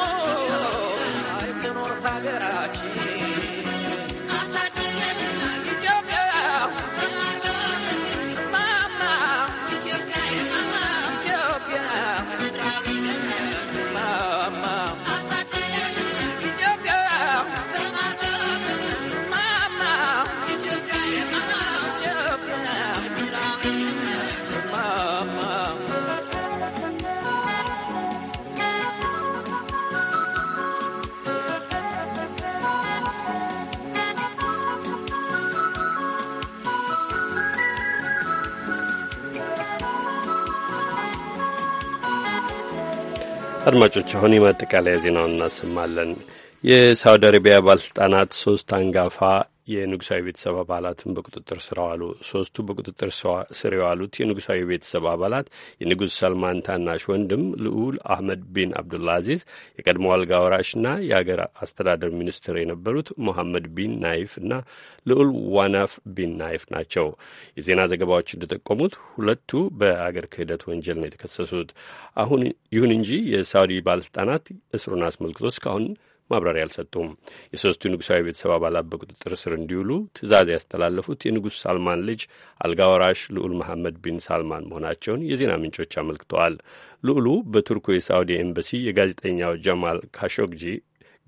Speaker 14: amor, ay, que no lo pagará aquí.
Speaker 4: አድማጮች አሁን የማጠቃለያ ዜናውን እናሰማለን። የሳውዲ አረቢያ ባለሥልጣናት ሶስት አንጋፋ የንጉሳዊ ቤተሰብ አባላትን በቁጥጥር ስር ዋሉ። ሶስቱ በቁጥጥር ስር የዋሉት የንጉሳዊ ቤተሰብ አባላት የንጉሥ ሰልማን ታናሽ ወንድም ልዑል አህመድ ቢን አብዱላ አዚዝ፣ የቀድሞ አልጋ ወራሽና የአገር አስተዳደር ሚኒስትር የነበሩት ሞሐመድ ቢን ናይፍ እና ልዑል ዋናፍ ቢን ናይፍ ናቸው። የዜና ዘገባዎች እንደጠቆሙት ሁለቱ በአገር ክህደት ወንጀል ነው የተከሰሱት። አሁን ይሁን እንጂ የሳውዲ ባለስልጣናት እስሩን አስመልክቶ እስካሁን ማብራሪያ አልሰጡም። የሶስቱ ንጉሳዊ ቤተሰብ አባላት በቁጥጥር ስር እንዲውሉ ትዕዛዝ ያስተላለፉት የንጉሥ ሳልማን ልጅ አልጋ ወራሽ ልዑል መሐመድ ቢን ሳልማን መሆናቸውን የዜና ምንጮች አመልክተዋል። ልዑሉ በቱርኩ የሳውዲ ኤምባሲ የጋዜጠኛው ጀማል ካሾግጂ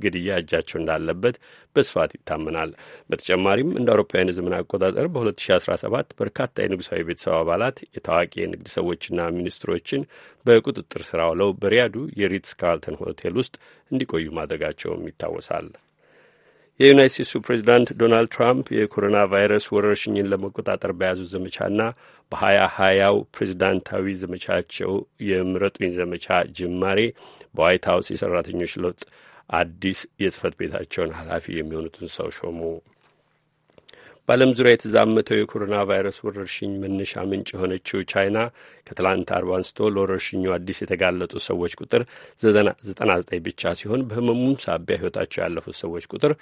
Speaker 4: ግድያ እጃቸው እንዳለበት በስፋት ይታመናል። በተጨማሪም እንደ አውሮፓውያን ዘመን አቆጣጠር በ2017 በርካታ የንጉሳዊ ቤተሰብ አባላት የታዋቂ የንግድ ሰዎችና ሚኒስትሮችን በቁጥጥር ስር አውለው በሪያዱ የሪትስ ካርልተን ሆቴል ውስጥ እንዲቆዩ ማድረጋቸውም ይታወሳል። የዩናይት ስቴትሱ ፕሬዚዳንት ዶናልድ ትራምፕ የኮሮና ቫይረስ ወረርሽኝን ለመቆጣጠር በያዙ ዘመቻና በሀያ ሀያው ፕሬዚዳንታዊ ዘመቻቸው የምረጡኝ ዘመቻ ጅማሬ በዋይት ሀውስ የሰራተኞች ለውጥ አዲስ የጽህፈት ቤታቸውን ኃላፊ የሚሆኑትን ሰው ሾሙ። በዓለም ዙሪያ የተዛመተው የኮሮና ቫይረስ ወረርሽኝ መነሻ ምንጭ የሆነችው ቻይና ከትላንት አርባ አንስቶ ለወረርሽኙ አዲስ የተጋለጡ ሰዎች ቁጥር ዘጠና ዘጠኝ ብቻ ሲሆን በህመሙም ሳቢያ ህይወታቸው ያለፉት ሰዎች ቁጥር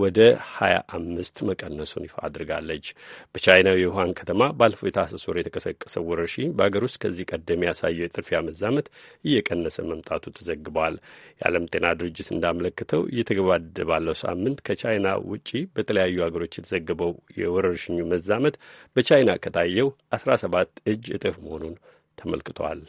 Speaker 4: ወደ 25 መቀነሱን ይፋ አድርጋለች። በቻይናው የውሃን ከተማ ባለፈው የታህሳስ ወር የተቀሰቀሰው ወረርሽኝ በአገር ውስጥ ከዚህ ቀደም ያሳየው የጥድፊያ መዛመት እየቀነሰ መምጣቱ ተዘግቧል። የዓለም ጤና ድርጅት እንዳመለክተው እየተገባደ ባለው ሳምንት ከቻይና ውጪ በተለያዩ አገሮች የተዘገበው የወረርሽኙ መዛመት በቻይና ከታየው 17 እጅ እጥፍ መሆኑን ተመልክቷል።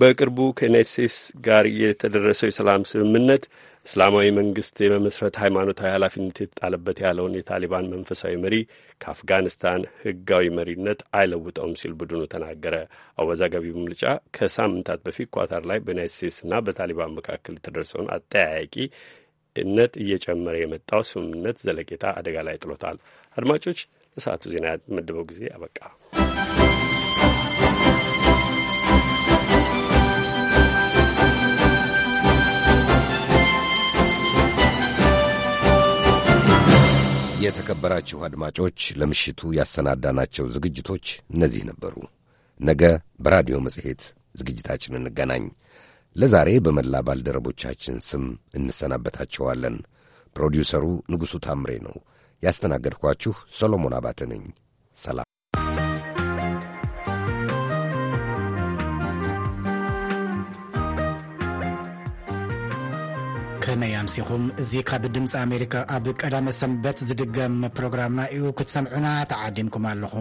Speaker 4: በቅርቡ ከዩናይት ስቴትስ ጋር የተደረሰው የሰላም ስምምነት እስላማዊ መንግስት የመመስረት ሃይማኖታዊ ኃላፊነት የተጣለበት ያለውን የታሊባን መንፈሳዊ መሪ ከአፍጋኒስታን ህጋዊ መሪነት አይለውጠውም ሲል ቡድኑ ተናገረ። አወዛጋቢው ምልጫ ከሳምንታት በፊት ኳታር ላይ በዩናይት ስቴትስና በታሊባን መካከል የተደረሰውን አጠያያቂ ነት እየጨመረ የመጣው ስምምነት ዘለቄታ አደጋ ላይ ጥሎታል። አድማጮች፣ ለሰዓቱ ዜና መደበው ጊዜ አበቃ።
Speaker 1: የተከበራችሁ አድማጮች ለምሽቱ ያሰናዳናቸው ዝግጅቶች እነዚህ ነበሩ። ነገ በራዲዮ መጽሔት ዝግጅታችን እንገናኝ። ለዛሬ በመላ ባልደረቦቻችን ስም እንሰናበታቸዋለን። ፕሮዲውሰሩ ንጉሡ ታምሬ ነው። ያስተናገድኳችሁ ሰሎሞን አባተ ነኝ። ሰላም።
Speaker 12: ኣምሲኹም እዚ ካብ ድምፂ ኣሜሪካ ኣብ ቀዳመ ሰንበት ዝድገም ፕሮግራምና እዩ ክትሰምዑና ተዓዲምኩም ኣለኹም